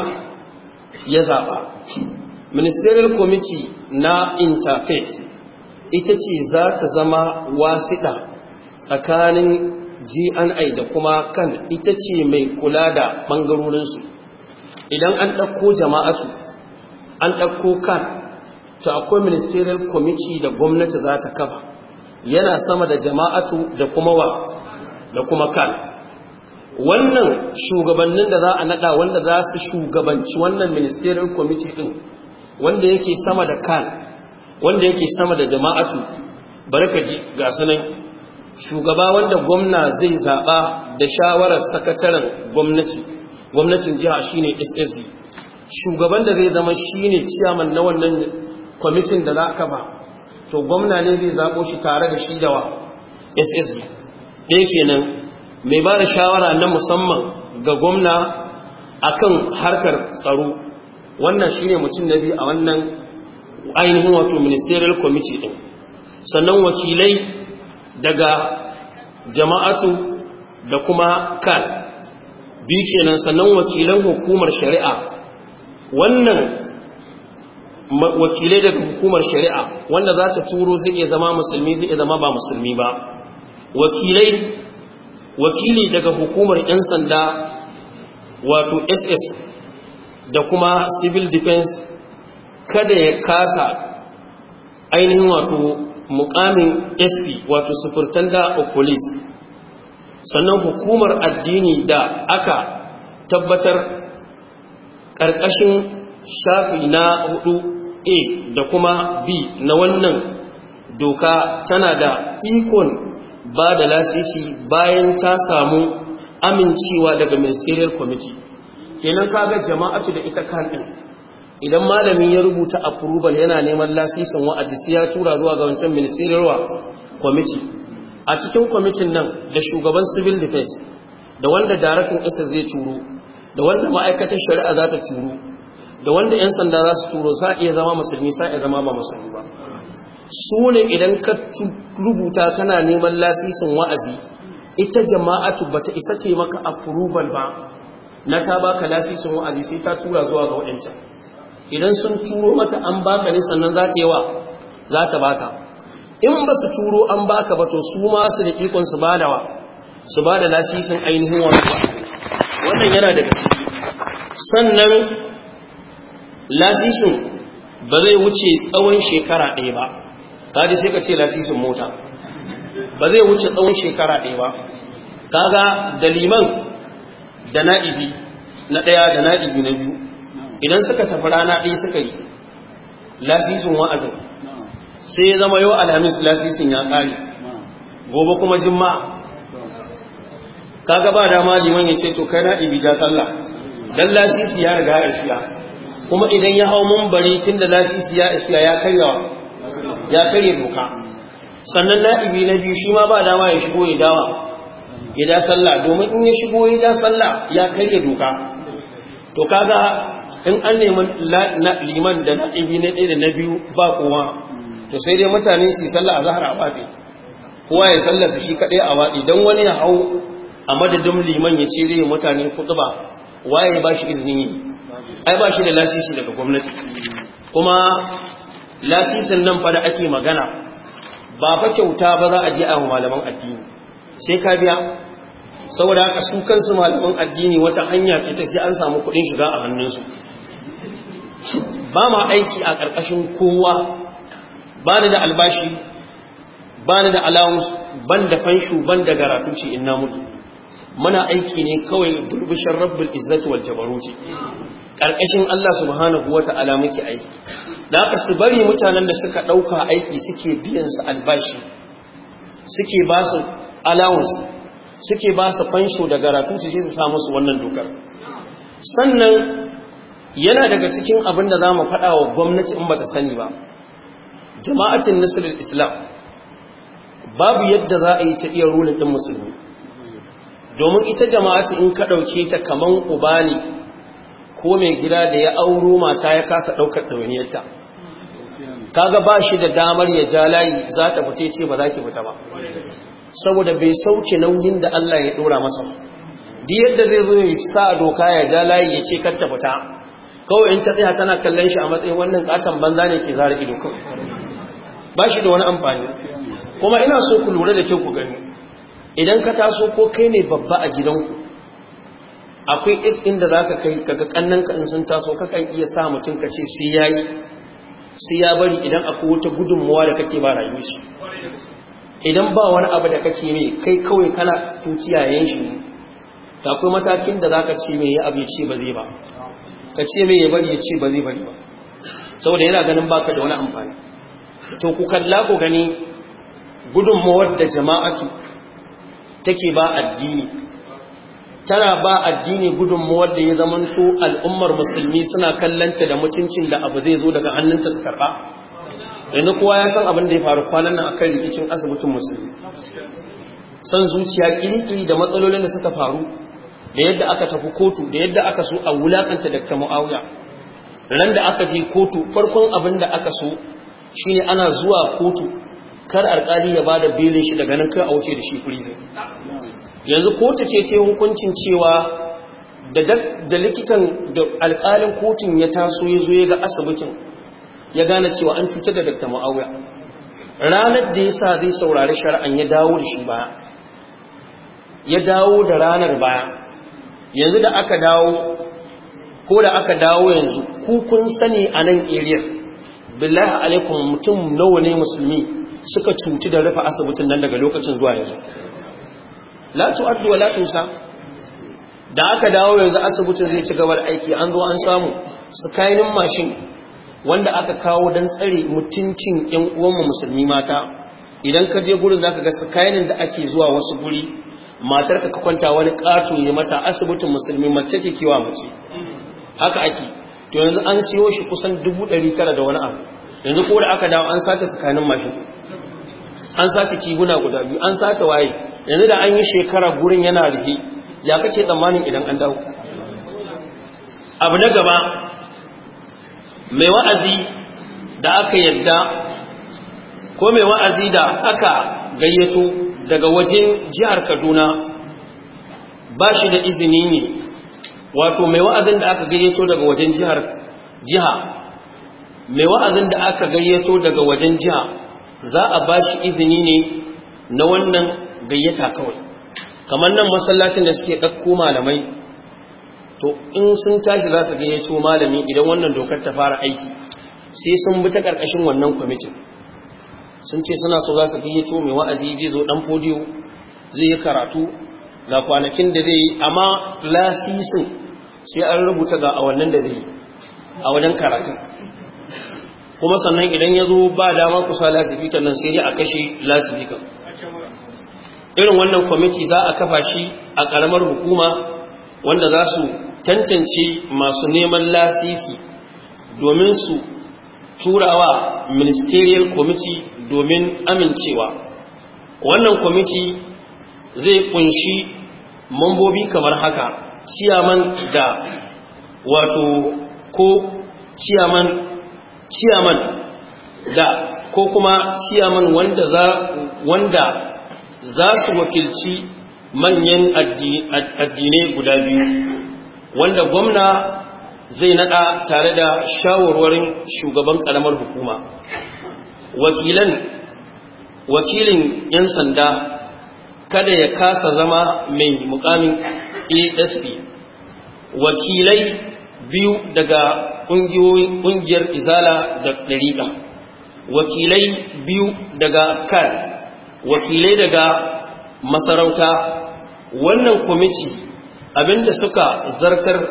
ya zaɓa ministerial committee na interfaith ita ce za ta zama wasiɗa tsakanin gni da kuma kan ita ce mai kula da ɓangarorinsu idan an ɗauko jama'atu an ɗauko kan to akwai ministerial committee da gwamnati za ta kafa yana sama da jama'atu da kuma wa da kuma kan wannan shugabannin da za a nada wanda za su shugabanci wannan ministerial committee din wanda yake sama da kan wanda yake sama da jama'atu barkaji ga sanan shugaba wanda gwamna zai zaba da shawarar sakataren gwamnati gwamnatin jiha shine SSD shugaban da zai zama shine chairman na wannan kwamitin da za ka ba to gwamna ne zai zaɓo shi tare da shi dawa ssd ɗaya kenan mai ba da shawara na musamman ga gwamna kan harkar tsaro wannan shi ne mutum na biyu a wannan ainihin wato ministerial committee ɗin sannan wakilai daga jama'atu da kuma kan biyu kenan sannan wakilan hukumar shari'a wannan wakilai daga hukumar shari'a wanda za ta turo zai iya zama musulmi zai iya zama ba musulmi ba wakilai wakili daga hukumar 'yan sanda wato ss da kuma civil defense kada ya kasa ainihin wato mukamin sp wato superintendent of police sannan hukumar addini da aka tabbatar ƙarƙashin shafi na hudu a da kuma b na wannan doka tana da ikon ba da lasisi bayan ta samu amincewa daga ministerial committee kenan kaga jama'atu da ita kan din idan malamin ya rubuta approval yana neman lasisin wa'azi sai ya tura zuwa ga wancan ministerial committee a cikin kwamitin nan da shugaban civil defense da wanda daraktan isa zai turo da wanda ma'aikatar shari'a za ta turo da wanda 'yan sanda za su turo za iya zama musulmi sa iya zama ba musulmi ba su ne idan ka rubuta kana neman lasisin wa'azi ita jama'atu ba ta isa ce maka approval ba na ta baka lasisin wa'azi sai ta tura zuwa ga waɗancan idan sun turo mata an baka ne sannan za ta yi wa za ta baka in ba su turo an baka ba to su ma su da ikon su ba da wa su ba da lasisin ainihin wa'azi wannan yana daga ciki sannan lasisin ba zai wuce tsawon shekara ɗaya ba kaji sai ka ce lasisin mota ba zai wuce tsawon shekara ɗaya ba ga da liman da na'ibi na ɗaya da na'ibi na biyu idan suka tafi rana ɗaya suka yi lasisin wa'azin sai ya zama yau alhamis lasisin ya ƙare gobe kuma Ka ga ba dama liman ya ce to kai na'ibi ja sallah dan lasisi ya riga ya shiya kuma idan ya hau mambari tun da lasisi ya iska ya karyawa ya karye doka sannan na'ibi na biyu shi ma ba dama ya shigo ya dawa ya da sallah domin in ya shigo ya da sallah ya karye doka to kaga in an neman liman da na'ibi na ɗaya da na biyu ba kowa to sai dai mutane su yi sallah a zahar a wafi kowa ya sallarsa shi kaɗai a waɗi don wani ya hau a madadin liman ya ce zai mutane kuɗi ba waye ba shi izinin ai ba shi da lasisi daga gwamnati kuma lasisin nan fa da ake magana ba fa kyauta ba za a je a malaman addini sai ka biya saboda haka su kansu malaman addini wata hanya ce ta sai an samu kuɗin shiga a hannunsu ba ma aiki a ƙarƙashin kowa ba da albashi ba ni da allowance ban da fanshu ban da garatuci in na mutu muna aiki ne kawai burbushin rabbul izzati wal jabaruti ƙarƙashin Allah subhanahu wa ta'ala muke aiki da aka su bari mutanen da suka ɗauka aiki suke biyan su albashi suke ba su allowance suke ba su fansho da garatu su sai su samu su wannan dokar sannan yana daga cikin abin da za mu faɗa wa gwamnati in ba ta sani ba jama'atin nasirar islam babu yadda za a yi ta iya rulin ɗin musulmi domin ita jama'atin in ka ɗauke ta kaman uba ne ko mai gida da ya auro mata ya kasa ɗaukar dauniyarta kaga ba shi da damar ya ja layi za ta fita ce ba za ki fita ba saboda bai sauke nauyin da Allah ya dora masa di yadda zai zo ya sa doka ya ja layi ya ce kar ta fita kawai in ta tsaya tana kallon shi a matsayin wannan katon banza ne ke zara ido kawai ba shi da wani amfani kuma ina so ku lura da kyau ku gani idan ka taso ko kai ne babba a gidanku akwai is inda za ka kai kaga kannan ka in sun taso kakan iya sa mutum ka ce sai yayi sai ya bari idan akwai wata gudunmuwa da kake ba rayuwar shi idan ba wani abu da kake mai kai kawai kana yayin shi ne ta akwai matakin da za ka ce mai ya abu ya ce ba zai ba ka ce mai ya bari ya ce ba zai bari ba saboda yana ganin baka da wani amfani to ku kalla ku gani gudunmuwar da jama'atu take ba addini tana ba addini gudunmuwar da ya zamanto al'ummar musulmi suna kallanta da mutuncin da abu zai zo daga hannunta su karɓa yanzu kowa ya san abin da ya faru kwanan nan akan rikicin asibitin musulmi san zuciya kirkiri da matsalolin da suka faru da yadda aka tafi kotu da yadda aka so a wulakanta da muawiya ran da aka je kotu farkon abin da aka so shine ana zuwa kotu kar alƙali ya bada belin shi daga nan kai a wuce da shi prison yanzu kotu ce ta hukuncin cewa da likitan da alkalin kotun ya taso ya zo ya ga asibitin ya gane cewa an cuta da dakta ma'auya ranar da ya sa zai saurari shari'an ya dawo da shi baya ya dawo da ranar baya yanzu da aka dawo ko da aka dawo yanzu kukun sani a nan iriyar? billahi alaikum mutum nawa ne musulmi suka cuti da rufe asibitin nan daga lokacin zuwa yanzu la addu wa la tusa da aka dawo yanzu asibitin zai ci gaba da aiki an zo an samu sakainin mashin wanda aka kawo dan tsare mutuncin yan uwanmu musulmi mata idan ka je gurin zaka ga sakainin da ake zuwa wasu guri matar ka kwanta wani ƙato ya mata asibitin musulmi mace ce kiwa mace haka ake to yanzu an siyo shi kusan dubu ɗari tara da wani abu yanzu ko da aka dawo an sace tsakanin mashin an sace kiguna guda biyu an sace waye yanzu da an yi shekara gurin yana rufe ya kake tsammanin idan an dawo abu na gaba mai wa'azi da aka yadda ko mai wa'azi da aka gayyato daga wajen jihar kaduna ba shi da izini ne wato mai wa'azin da aka gayyato daga wajen jihar jiha mai wa'azin da aka gayyato daga wajen jiha za a ba shi izini ne na wannan gayyata kawai kamar nan masallacin da suke ɗauko malamai to in sun tashi za su gayyato malami idan wannan dokar ta fara aiki sai sun bi ta ƙarƙashin wannan kwamitin sun ce suna so za su gayyato mai wa'azi zai zo ɗan fodiyo zai yi karatu ga kwanakin da zai yi amma lasisin sai an rubuta ga awannin da zai yi a wajen karatun kuma sannan idan ya zo ba damar kusa lasifikan nan sai ya a kashe lasifikan irin wannan kwamiti za a kafa shi a ƙaramar hukuma wanda za su tantance masu neman lasisi domin su turawa ministerial committee domin amincewa wannan kwamiti zai kunshi mambobi kamar haka ciyaman da wato ko ciyaman ciyaman da ko kuma ciyaman wanda za wanda za su wakilci manyan addinai guda biyu wanda gwamna zai nada tare da shawarwarin shugaban karamar hukuma wakilan wakilin 'yan sanda kada ya kasa zama mai mukamin asp wakilai biyu daga ƙungiyar izala da ɗariƙa wakilai biyu daga kan wakilai daga masarauta wannan kwamiti abinda suka zartar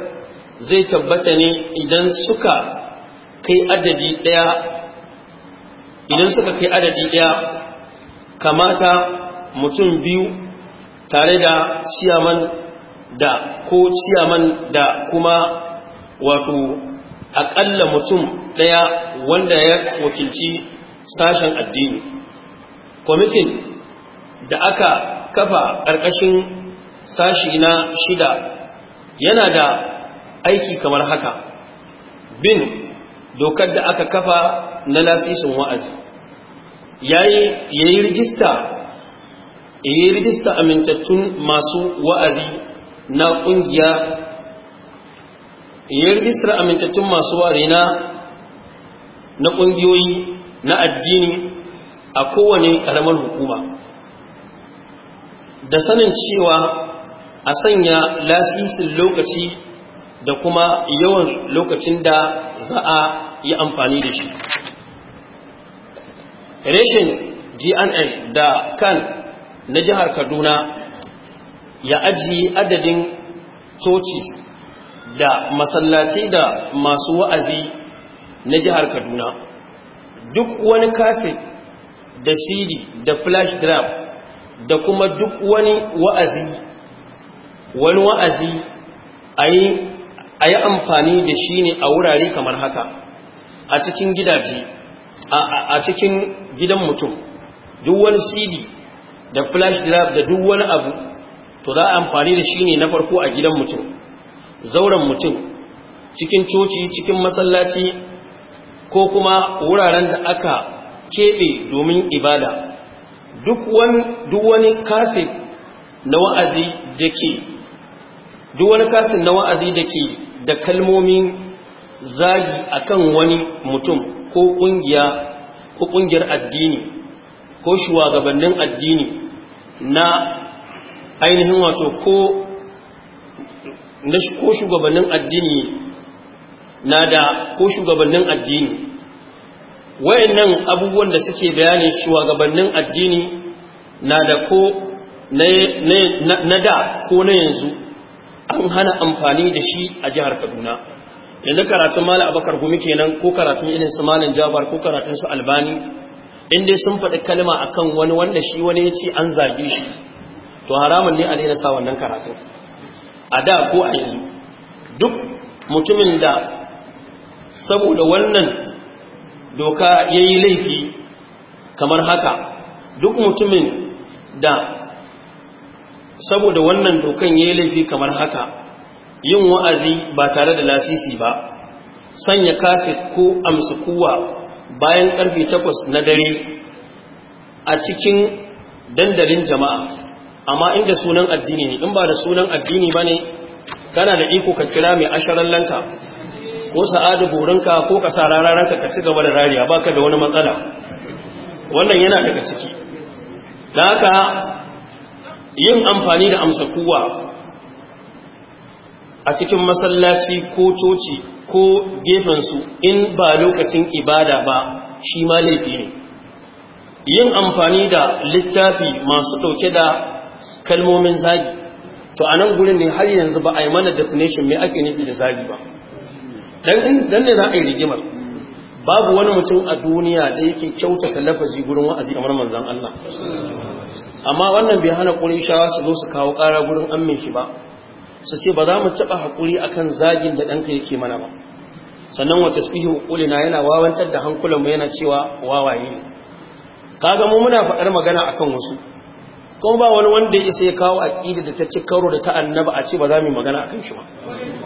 zai tabbata ne idan suka kai adadi daya idan suka kai adadi daya kamata mutum biyu tare da ciyaman da ko ciyaman da kuma wato akalla mutum ɗaya wanda ya wakilci sashen addini kwamitin da aka kafa ƙarƙashin sashi na shida yana da aiki kamar haka bin dokar da aka kafa na lasisin wa'azi yayi yi rijista yi rijista amintattun masu wa'azi na ƙungiya ya yi rijistar amintattun masu wa'azi na ƙungiyoyi na addini a kowane karamar hukuma da sanin cewa a sanya lasisin lokaci da kuma yawan lokacin da za a yi amfani da shi reshen gnl da kan na jihar kaduna ya ajiye adadin coci da masallaci da masu wa'azi na jihar kaduna duk wani kasin da cd da flash drum da kuma duk wani wa'azi wani wa'azi a yi amfani da shi ne a wurare kamar haka a cikin gidaje a cikin gidan mutum duk wani cd da flash drum da duk wani abu to za a amfani da shi ne na farko a gidan mutum zauren mutum cikin coci cikin masallaci ko kuma wuraren da aka keɓe domin ibada duk wani kasin na wa'azi da ke duk wani kasin na wa'azi da ke da kalmomin zagi akan wani mutum ko ƙungiya ko ƙungiyar addini ko shugabannin addini na ainihin wato ko na ko shugabannin addini na da ko shugabannin addini wayannan abubuwan da suke bayani shugabannin addini na da ko na da ko na yanzu an hana amfani da shi a jihar kaduna yanzu karatun mala abakar gumi kenan ko karatun irin su malin jabar ko karatun su albani inda sun faɗi kalma akan wani wanda shi wani ya ce an zage shi to haramun ne a daina sa wannan karatun a da ko a yanzu duk mutumin da saboda wannan doka ya yi laifi kamar haka duk mutumin da saboda wannan dokan ya yi laifi kamar haka yin wa'azi ba tare da lasisi ba sanya kaset ko kuwa bayan karfe takwas na dare a cikin dandalin jama'a amma inda sunan addini ne in ba da sunan addini ba ne kana da iko ka kira mai asharar lanka ko sa'adu burinka ko ka sa rararanka ka ci gaba da rariya baka da wani matsala wannan yana daga ciki da haka yin amfani da amsa kuwa a cikin masallaci ko coci ko gefensu in ba lokacin ibada ba shi ma laifi ne yin amfani da littafi masu ɗauke da kalmomin zagi to a nan gurin ne har yanzu ba a yi mana definition mai ake nufi da zagi ba dan ne za a yi rigimar babu wani mutum a duniya da yake kyautata lafazi gurin wa'azi kamar manzan Allah amma wannan bai hana shawa su zo su kawo ƙara gurin amin shi ba su ce ba za mu taɓa haƙuri akan zagin da ɗanka yake mana ba sannan wata tsibihin na yana wawantar da hankulanmu yana cewa wawaye ne kaga mu muna faɗar magana akan wasu kuma ba wani wanda ya isa ya kawo aqida da ta ci karo da ta annaba a ce ba za mu magana akan shi ba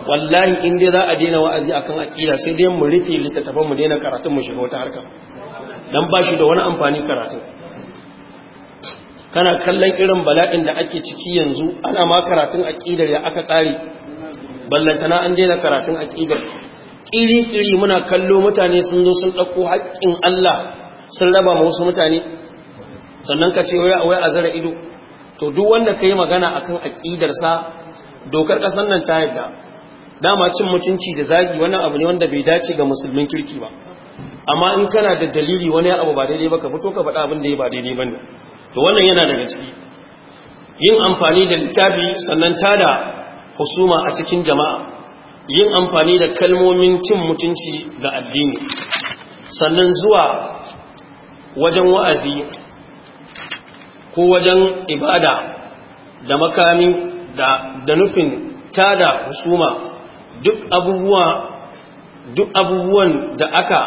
wallahi in dai za a daina wa'azi akan aqida sai dai mu rufe littattafan mu daina karatun mu shiga wata harka dan ba shi da wani amfani karatun kana kallon irin bala'in da ake ciki yanzu ana ma karatun aqidar ya aka kare ballantana an daina karatun aqidar kiri kiri muna kallo mutane sun zo sun ɗauko haƙƙin Allah sun raba ma wasu mutane sannan ka ce wai a zara ido to duk wanda ka yi magana akan aƙidarsa dokar ƙasar nan ta yadda dama cin mutunci da zagi wannan abu ne wanda bai dace ga musulmin kirki ba amma in kana da dalili wani abu ba daidai ba ka fito ka faɗa abin da ya ba daidai ba ne to wannan yana daga ciki yin amfani da littafi sannan tada husuma a cikin jama'a yin amfani da kalmomin cin mutunci ga addini sannan zuwa wajen wa'azi ko wajen ibada da makami da nufin tada husuma duk abubuwa duk abubuwan da aka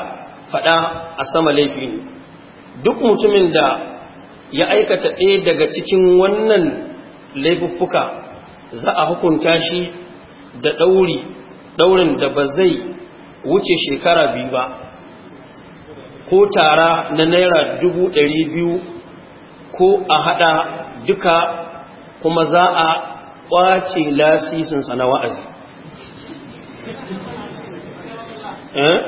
faɗa a sama laifi ne duk mutumin da ya aikata ɗaya daga cikin wannan laifuffuka za a hukunta shi da ɗauri ɗaurin da ba zai wuce shekara biyu ba ko tara na naira dubu ɗari biyu ko a haɗa duka kuma za a ƙwace lasisinsa na wa'azi eh?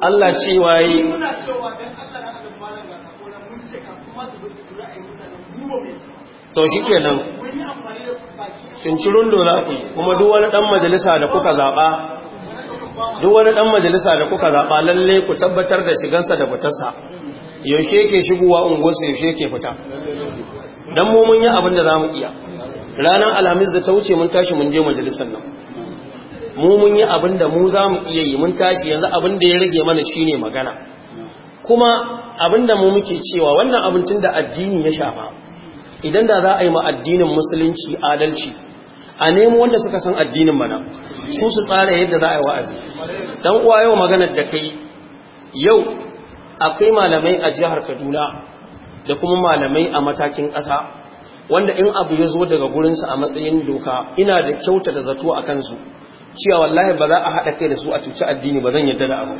Allah ce waye muna cewa dan Allah da Allah mun ce ka kuma su bi to shi kenan cincirun za ku kuma duk wani ɗan majalisa da kuka zaɓa duk wani dan majalisa da kuka zaba lalle ku tabbatar da shigansa da fitarsa yaushe ke shigowa unguwarsa yaushe ke fita don mu mun yi abin da za mu iya ranar alhamis da ta wuce mun tashi mun je majalisar nan mu mun yi abin da mu za mu iya yi mun tashi yanzu abin da ya rage mana shine magana kuma abin da mu muke cewa wannan abincin da addini ya shafa idan da za a yi ma addinin musulunci adalci a nemo wanda suka san addinin mana su su tsara yadda za a yi wa'azi dan uwa yau maganar da kai yau akwai malamai a jihar Kaduna da kuma malamai a matakin ƙasa wanda in abu ya zo daga gurinsu a matsayin doka ina da kyauta da zato a kansu cewa wallahi ba za a haɗa kai da su a cuci addini ba zan yadda da abu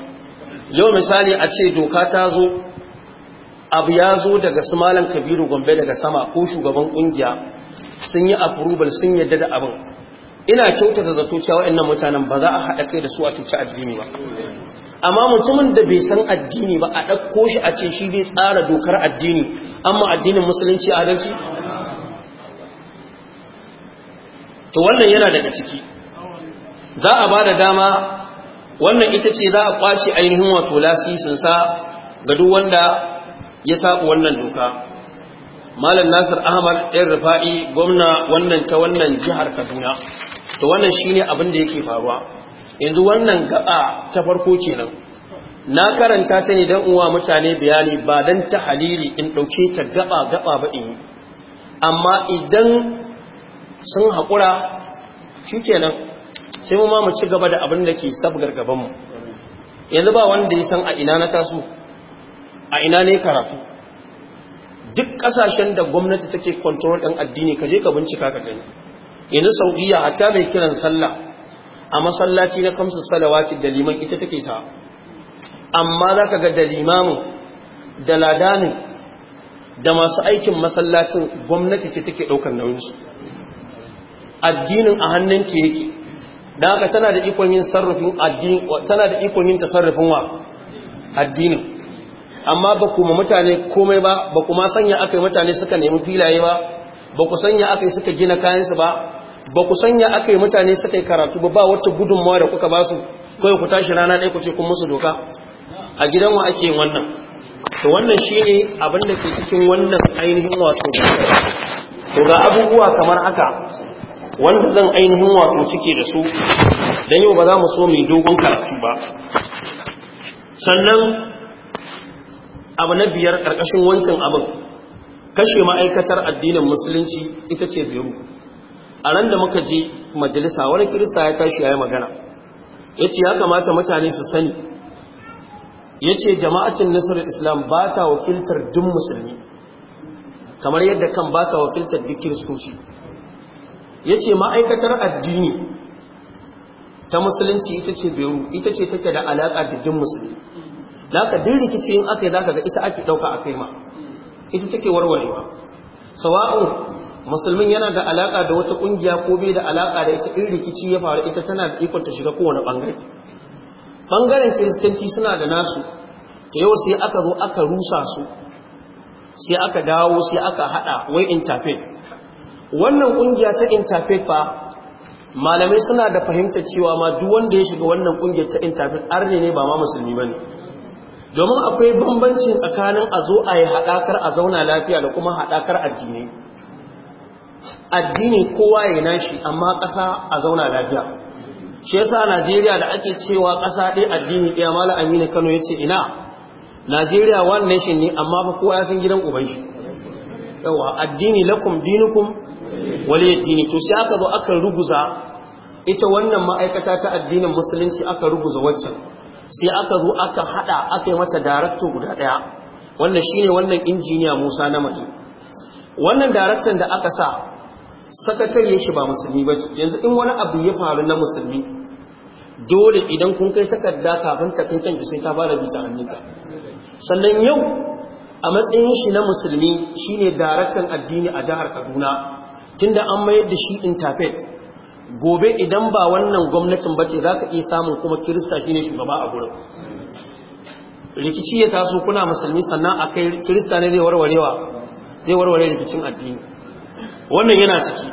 yau misali a ce doka ta zo abu ya zo daga su malam kabiru gombe daga sama ko shugaban kungiya sun yi approval sun yadda da abin ina kyautata zato cewa wa'annan mutanen ba za a haɗa kai da su a cuci addini ba amma mutumin da bai san addini ba a ɗauko shi a ce shi zai tsara dokar addini amma addinin musulunci adalci to wannan yana daga ciki za a ba da dama wannan ita ce za a kwace ainihin wato lasisinsa ga duk wanda ya saba wannan doka malam nasir ahmad ɗan rufa'i gwamna wannan ta wannan jihar kaduna to wannan shine abin da yake faruwa yanzu wannan gaba ta farko kenan na karanta ta ne don uwa mutane bayani ba don ta halili in ɗauke ta gaba gaba ba in amma idan sun haƙura shi kenan sai mu ma mu ci gaba da abin da ke sabgar gabanmu yanzu ba wanda ya san a ina na taso a ina ne karatu duk kasashen da gwamnati take control ɗan addini ka je ka bincika ka gani yanzu saudiya hatta mai kiran sallah a masallaci na kamsu salawaci da liman ita take sa amma za ka ga da limamin da ladanin da masu aikin masallacin gwamnati ce take ɗaukar nauyinsu addinin a hannun hannunki yake da haka tana da ikon yin sarrafin addini tana da ikon yin tasarrufin wa addinin amma ba kuma mutane komai ba ba kuma sanya aka yi mutane suka nemi filaye ba ba ku sanya aka yi suka gina kayansu ba ba ku sanya aka yi mutane suka yi karatu ba ba wata gudunmawa da kuka ba su kawai ku tashi rana ɗaya ku ce kun musu doka a gidan wa ake wannan to wannan shine abin da ke cikin wannan ainihin wato to ga abubuwa kamar haka wanda zan ainihin wato cike da su don yau ba za mu so mai dogon karatu ba sannan abu na biyar ƙarƙashin wancan abin kashe ma'aikatar addinin musulunci ita ce biyu a ran da muka je majalisa wani kirista ya tashi ya yi magana ya ce ya kamata mutane su sani ya ce jama'atin nasarar islam ba ta wakiltar duk musulmi kamar yadda kan ba ta wakiltar duk kiristoci ya ce ma'aikatar addini ta musulunci ita ce biyu ita ce take da alaƙa da duk musulmi da aka duk rikici in aka yi za ka ga ita ake ɗauka a kaima. ita take warwarewa sawa'un musulmin yana da alaƙa da wata ƙungiya ko bai da alaƙa da ita in rikici ya faru ita tana da ikon ta shiga kowane ɓangare ɓangaren kiristanci suna da nasu ta yau sai aka zo aka rusa su sai aka dawo sai aka haɗa wai interfaith wannan ƙungiya ta interfaith ba malamai suna da fahimtar cewa ma duk wanda ya shiga wannan kungiyar ta interfaith arne ne ba ma musulmi ba ne domin akwai bambanci tsakanin a zo a yi haɗakar a zauna lafiya da kuma haɗakar addini addini kowa ya nashi amma ƙasa a zauna lafiya shi yasa najeriya da ake cewa ƙasa ɗaya addini ɗaya mala amina kano ya ce ina najeriya one nation ne amma fa kowa ya san gidan uban yawa addini lakum dinukum wali addini to sai aka zo aka ruguza ita wannan ma'aikata ta addinin musulunci aka ruguza waccan sai aka zo aka hada aka yi mata darakto guda daya wannan shine wannan injiniya Musa na Namadi wannan daraktan da aka sa sakatare shi ba musulmi ba yanzu in wani abu ya faru na musulmi dole idan kun kai takarda kafin ka kai kanki sai ta fara bi ta hannunka sannan yau a matsayin shi na musulmi shine daraktan addini a jihar Kaduna tunda an mayar da shi intafet gobe idan ba wannan gwamnatin ba ce, za ka iya samun kuma kirista shi ne shugaba a gurin rikici ya taso kuna musulmi sannan a kai kirista ne zai warware rikicin addini wannan yana ciki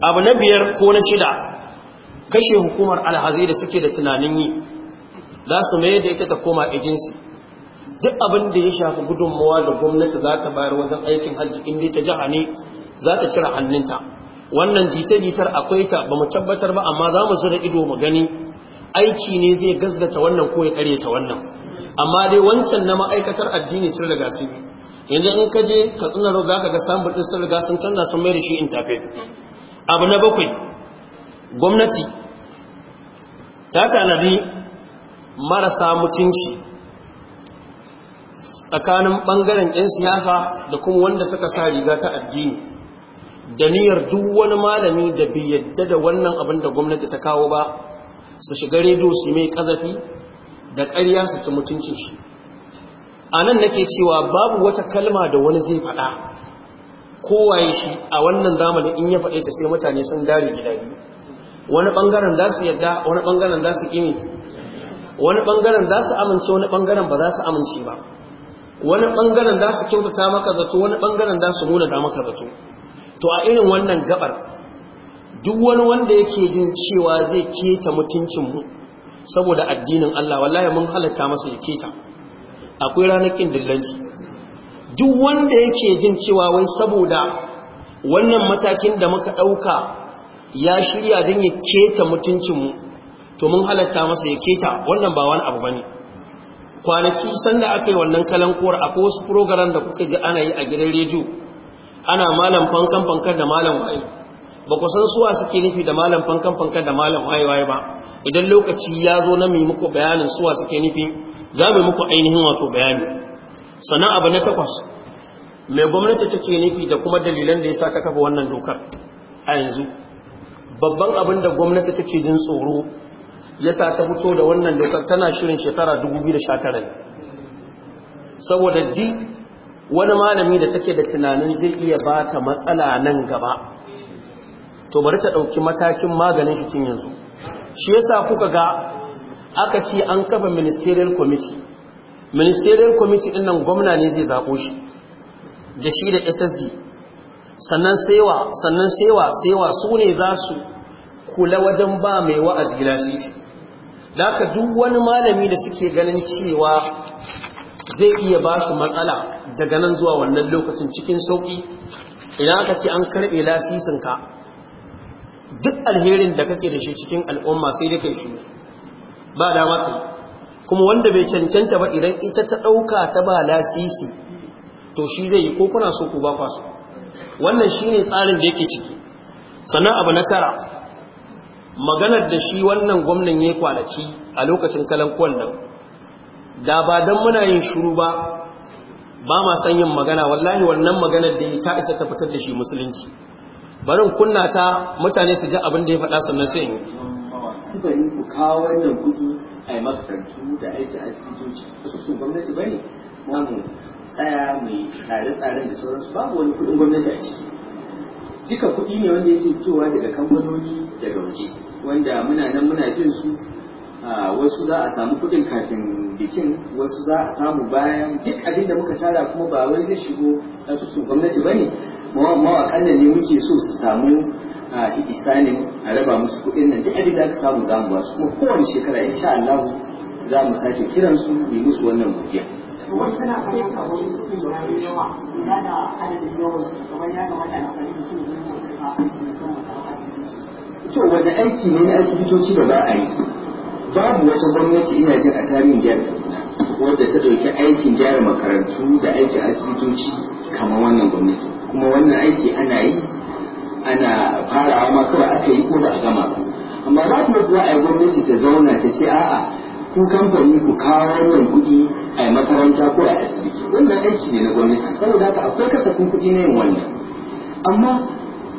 abu na biyar ko na shida kashe hukumar alhazai da suke da tunanin yi za su mai da ita ta koma ejinsi duk abin da ya shafi gudunmawa da gwamnati za ta bayar wajen aikin hajji inda ta jiha ne za ta cire hannunta wannan jita-jitar akwai ta ba mu tabbatar ba amma za mu zo da ido mu gani aiki ne zai gazgata wannan ko ya ta wannan amma dai wancan na ma'aikatar addini sun riga su yanzu in ka je ka tsunar roga ka ga samun ɗin sun riga sun canza sun mai da shi intafe abu na bakwai gwamnati ta tanadi marasa mutunci tsakanin ɓangaren 'yan siyasa da kuma wanda suka sa riga ta addini da niyyar duk wani malami da bai yadda da wannan abin da gwamnati ta kawo ba su shiga rediyo su mai kazafi da ƙarya su ci mutuncin shi a nan nake cewa babu wata kalma da wani zai faɗa kowaye shi a wannan zamanin in ya faɗe ta sai mutane sun dare gida biyu wani ɓangaren za su yadda wani ɓangaren za su ƙimi wani ɓangaren za su amince wani ɓangaren ba za su amince ba wani ɓangaren za su kyautata maka zato wani ɓangaren za su nuna da maka zato to a irin wannan gabar duk wani wanda yake jin cewa zai keta mutuncinmu saboda addinin Allah wallahi mun halatta masa ya keta akwai ranakin dillanci duk wanda yake jin cewa wai saboda wannan matakin da muka ɗauka ya shirya don ya keta mutuncinmu to mun halatta masa ya keta wannan ba wani abu bane kwanaki sanda aka yi wannan kalankuwar akwai wasu program da kuka ji ana yi a gidan rediyo ana malam fankan fankar da malam waye ba ku san suwa suke nufi da malam fankan fankar da malam waye waye ba idan lokaci ya zo na mai muku bayanin suwa suke nufi za mu muku ainihin wato bayani sannan abu na takwas mai gwamnati take nufi da kuma dalilan da ya sa ta kafa wannan dokar a yanzu babban abin da gwamnati take jin tsoro ya sa ta fito da wannan dokar tana shirin shekara 2019 saboda di wani malami da take da tunanin zai iya ba ta matsala nan gaba to bari ta ɗauki matakin maganin shi tun yanzu shi yasa kuka ga aka ce an kafa ministerial committee ministerial committee ɗin nan gwamna ne zai zaɓo shi da shi da ssd sannan saiwa sannan saiwa saiwa su ne za su kula wajen ba mai wa'azi lasiti da aka duk wani malami da suke ganin cewa zai iya ba su matsala daga nan zuwa wannan lokacin cikin sauƙi idan aka ce an karɓe lasisinka duk alherin da kake da shi cikin al'umma sai dai kai shi ba da kai kuma wanda bai cancanta ba idan ita ta ɗauka ta ba lasisi to shi zai yi ko kuna so ku ba wannan shi ne tsarin da yake ciki sannan abu na tara maganar da shi wannan gwamnan ya kwanaci a lokacin kalankuwan nan da ba don muna yin shuru ba ba ma san yin magana wallahi wannan maganar da ta isa ta fitar da shi musulunci barin kunna ta mutane su ji abin da ya faɗa sannan sai in kuka yi ku kawo wannan kudi a yi makarantu da aiki asibitoci wasu su gwamnati ba ne mu tsaya mai tsare-tsaren da sauransu babu wani kuɗin gwamnati a ciki duka kuɗi ne wanda yake fitowa daga kamfanoni daga waje wanda muna nan muna bin su wasu za a samu kudin kafin bikin wasu za a samu bayan duk abin da muka tara kuma ba wai zai shigo su gwamnati ba ne mawaƙan nan ne muke so su samu isanin a raba musu kudin nan duk abin da aka samu za mu ba su kuma kowane shekara insha Allah za mu sake kiran su mu musu wannan gudiya wasu suna da da da to wani aiki ne na asibitoci da ba a yi babu wata gwamnati ina jin a tarihin jihar wadda ta ɗauki aikin gyara makarantu da aikin asibitoci kamar wannan gwamnati kuma wannan aiki ana yi ana farawa ma kawai aka yi ko ba a gama amma ba kuma za a yi gwamnati ta zauna ta ce a'a ku kamfani ku kawo wannan kuɗi a makaranta ko a asibiti wannan aiki ne na gwamnati saboda haka akwai kasafin kuɗi na yin wannan amma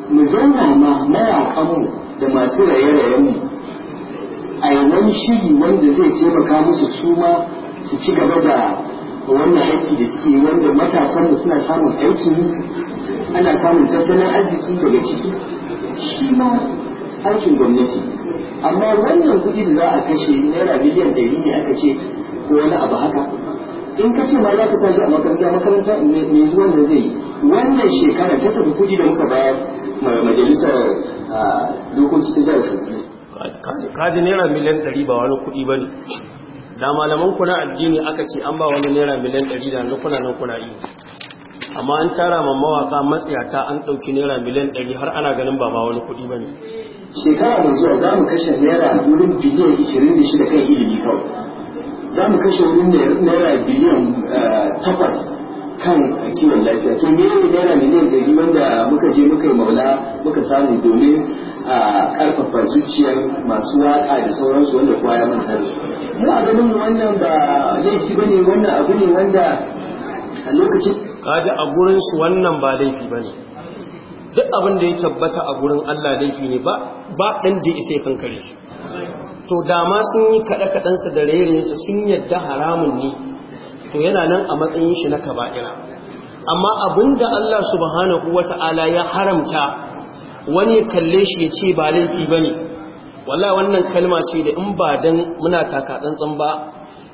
mu zauna ma mayakanmu da masu raye-rayenmu ainihin shiri wanda zai taimaka musu su ma su ci gaba da wannan aiki da suke wanda matasan da suna samun aikin ana samun tattalin arziki daga ciki shi ma aikin gwamnati amma wannan kuɗi da za a kashe naira miliyan ɗari ne aka ce ko wani abu haka in ka ce ma za ka sa shi a makaranta makaranta mai zuwa da zai wannan shekara ta saka kuɗi da muka bayar majalisar ah, dokoki ta jihar kaji naira miliyan ɗari ba wani kuɗi ba ne da malaman kuna addini aka ce an ba wani naira miliyan ɗari da yanzu kuna nan kuna yi amma an tara ma mawaka matsiyata an ɗauki naira miliyan ɗari har ana ganin ba ma wani kuɗi ba ne shekara mai zuwa za mu kashe naira wurin biliyan ishirin da shida kan ilimi kawai za mu kashe wurin naira biliyan eh, takwas kan kiwon lafiya to me ne naira miliyan ɗari wanda muka je muka yi maula muka samu domin a karfafa zuciyar masu waka da sauransu wanda kowa ya manta da su mu a ganin wannan ba laifi bane wannan abu ne wanda a lokacin kaji a gurin su wannan ba laifi bane duk abin da ya tabbata a gurin Allah laifi ne ba ba dan da isa kan kare shi to dama sun yi kada kadan sa da rayayen sun yadda haramun ne to yana nan a matsayin shi na kaba'ira amma abinda Allah subhanahu wata'ala ya haramta wani ya kalle shi ya ce ba laifi ba ne wallahi wannan kalma ce da in ba dan muna taka tsantsan ba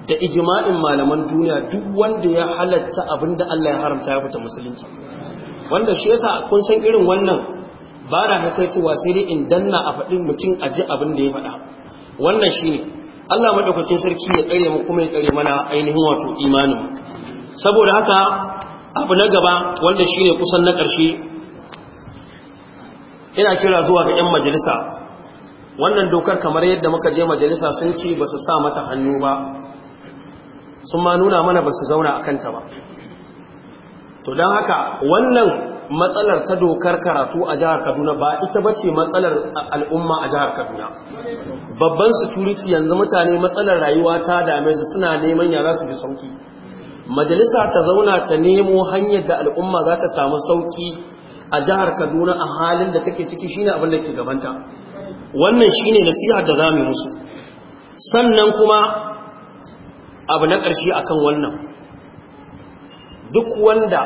da ijma'in malaman duniya duk wanda ya halatta abin da Allah ya haramta ya fita musulunci wanda shi yasa kun san irin wannan ba na haifaitowa sai dai in danna a faɗin mutum a ji abin da ya faɗa wannan shi ne Allah maɗaukakin sarki ya tsare mu kuma ya tsare mana ainihin wato imanin saboda haka abu na gaba wanda shi ne kusan na ƙarshe ina kira zuwa ga 'yan majalisa wannan dokar kamar yadda muka je majalisa sun ci ba su sa mata hannu ba sun ma nuna mana ba su zauna a kanta ba to don haka wannan matsalar ta dokar karatu a jihar kaduna ba ita ba ce matsalar al'umma a jihar kaduna babban security yanzu mutane matsalar rayuwa ta dame su suna neman yara su bi sauki majalisa ta zauna ta nemo hanyar da al'umma za ta samu sauki a jihar Kaduna a halin da take ciki shine abin da ke gabanta wannan shine nasiha da zamu musu sannan kuma abu na ƙarshe akan wannan duk wanda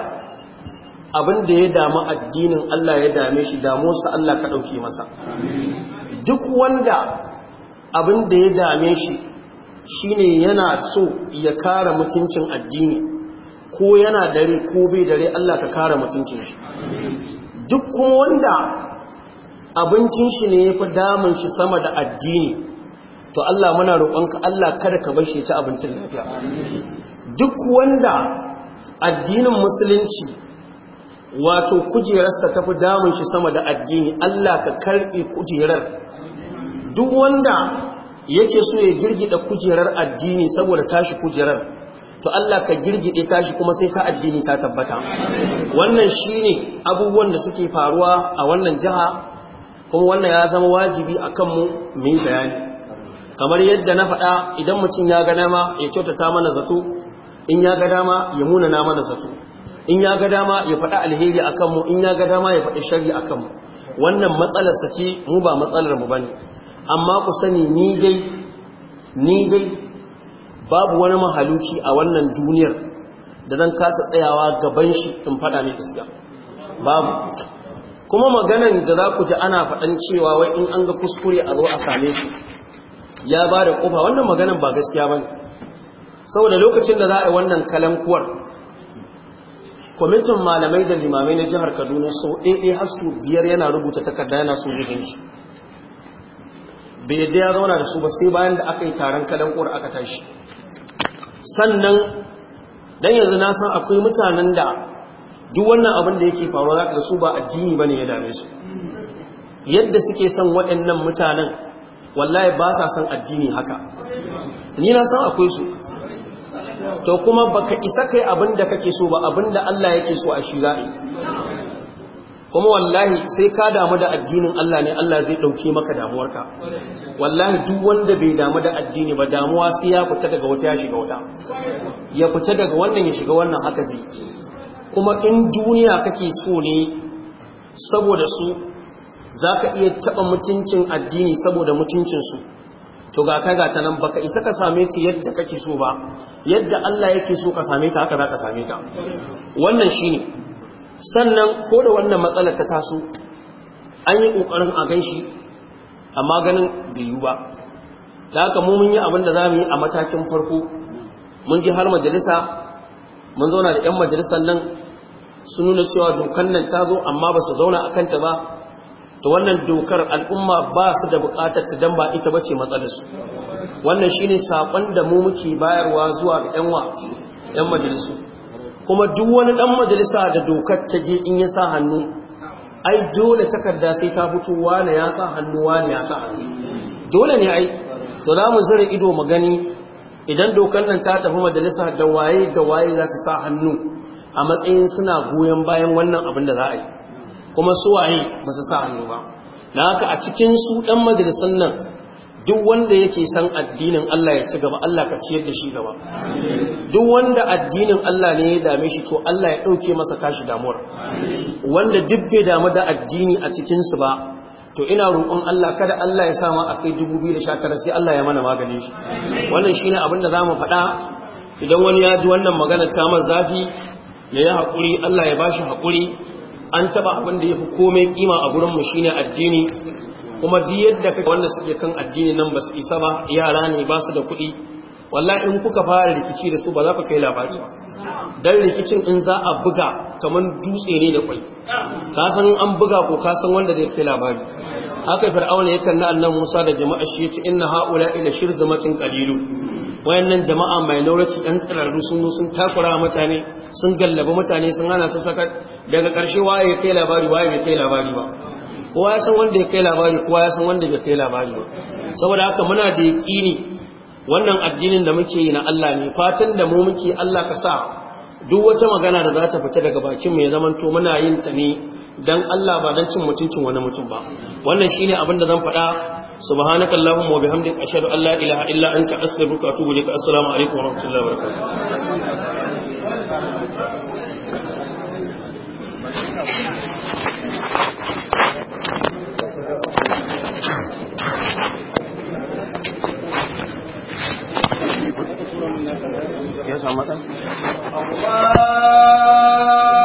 abin da ya damu addinin Allah ya dame shi damuwarsa Allah ka ɗauke masa duk wanda abin da ya dame shi shine yana so ya kare mutuncin addini ko yana dare ko bai dare Allah ka kare mutuncin shi duk kuma wanda abincin shi ne yafi damun shi sama da addini to Allah muna roƙonka Allah kada ka bar shi ci abincin lafiya duk wanda addinin musulunci wato kujerarsa tafi damun shi sama da addini Allah ka karɓe kujerar duk wanda yake so ya girgida kujerar addini saboda tashi kujerar to Allah ka girgide tashi kuma sai ta addini ta tabbata wannan shi ne abubuwan da suke faruwa a wannan jiha kuma wannan ya zama wajibi akan mu mai bayani kamar yadda na faɗa idan mutum ya ga dama ya kyautata mana zato in ya ga dama ya munana mana zato in ya ga dama ya faɗa alheri akan mu in ya ga dama ya faɗi shari akan mu wannan matsalar sake mu ba matsalar mu ba ne. amma ku sani ni dai ni dai babu wani mahaluki a wannan duniyar da zan kasa tsayawa gaban shi in fada mai gaskiya babu kuma maganan da za ku ji ana faɗan cewa wai in an ga kuskure a zo a same shi ya ba da ƙofa wannan maganan ba gaskiya ba saboda lokacin da za a yi wannan kalankuwar kwamitin malamai da limamai na jihar kaduna sau ɗaiɗai har biyar yana rubuta takarda yana so shi bai yadda ya zauna da su ba sai bayan da aka yi taron kalan ƙura aka tashi sannan dan yanzu na san akwai mutanen da duk wannan abin da yake faruwa za ka da su ba addini ba ne ya dame su yadda suke son waɗannan mutanen wallahi ba sa son addini haka ni na san akwai su to kuma baka isa kai abin da kake so ba abin da Allah yake so a shi za'i kuma wallahi sai ka damu da addinin Allah ne Allah zai dauke maka damuwarka wallahi duk wanda bai damu da addini ba damuwa sai ya fita daga wata ya shiga wata ya fita daga wannan ya shiga wannan haka zai kuma in duniya kake so ne saboda su zaka iya taba mutuncin addini saboda mutuncin su to ga kai ga ta nan baka isa ka same ta yadda kake so ba yadda Allah yake so ka same ta haka zaka same ta wannan shine sannan ko da wannan matsalar ta taso an yi ƙoƙarin a gan shi amma ganin da yi ba da haka mu mun yi abin da za mu yi a matakin farko mun ji har majalisa mun zauna da 'yan majalisar nan sun nuna cewa dokar nan ta zo amma ba su zauna a kanta ba ta wannan dokar al'umma ba su da bukatar ta dan ba ita ba ce matsalarsu wannan ne saƙon da mu muke bayarwa zuwa ga 'yan majalisu kuma duk wani dan majalisa da dokar ta je in ya sa hannu ai dole takarda sai ta fito wani ya sa hannu wani ya sa hannu dole ne ai to za mu zira ido mu gani idan dokar nan ta tafi majalisa da waye da waye za su sa hannu a matsayin suna goyon bayan wannan abin da za a yi kuma su waye ba su sa hannu ba na haka a cikin su dan majalisan nan duk wanda yake san addinin Allah ya ci gaba Allah ka ciyar da shi gaba duk wanda addinin Allah ne ya dame shi to Allah ya dauke masa tashi damuwar wanda duk bai damu da addini a cikin su ba to ina roƙon Allah kada Allah ya sa ma akai 2019 sai Allah ya mana magani shi wannan shine abin da zamu faɗa idan wani ya ji wannan magana ta man zafi ya hakuri Allah ya bashi hakuri. an taba abin da yafi komai kima a gurin mu shine addini kuma duk yadda kake wanda suke kan addini nan ba su isa ba yara ne ba su da kuɗi wallahi in kuka fara rikici da su ba za ku kai labari ba dan rikicin in za a buga kaman dutse ne da kwai ka san an buga ko ka san wanda zai kai labari haka fir'auna ya na annabi Musa da jama'a shi yace inna haula ila shirzamatin qalilu wayannan jama'a mai nauraci ɗan tsirarru sun sun takura mutane sun gallaba mutane sun hana su saka daga karshe waye kai labari waye bai kai labari ba kowa ya san wanda ya kai labari kowa ya san wanda ya kai labari ba saboda haka muna da yaƙini wannan addinin da muke yi na Allah ne fatan da mu muke Allah ka sa duk wata magana da za ta fita daga bakin mu ya zamanto muna yin ta ne dan Allah ba dan cin mutuncin wani mutum ba wannan shine abin da zan faɗa subhanaka allahumma wa bihamdika ashhadu an la ilaha illa anta astaghfiruka wa atubu ilaik assalamu alaikum wa ya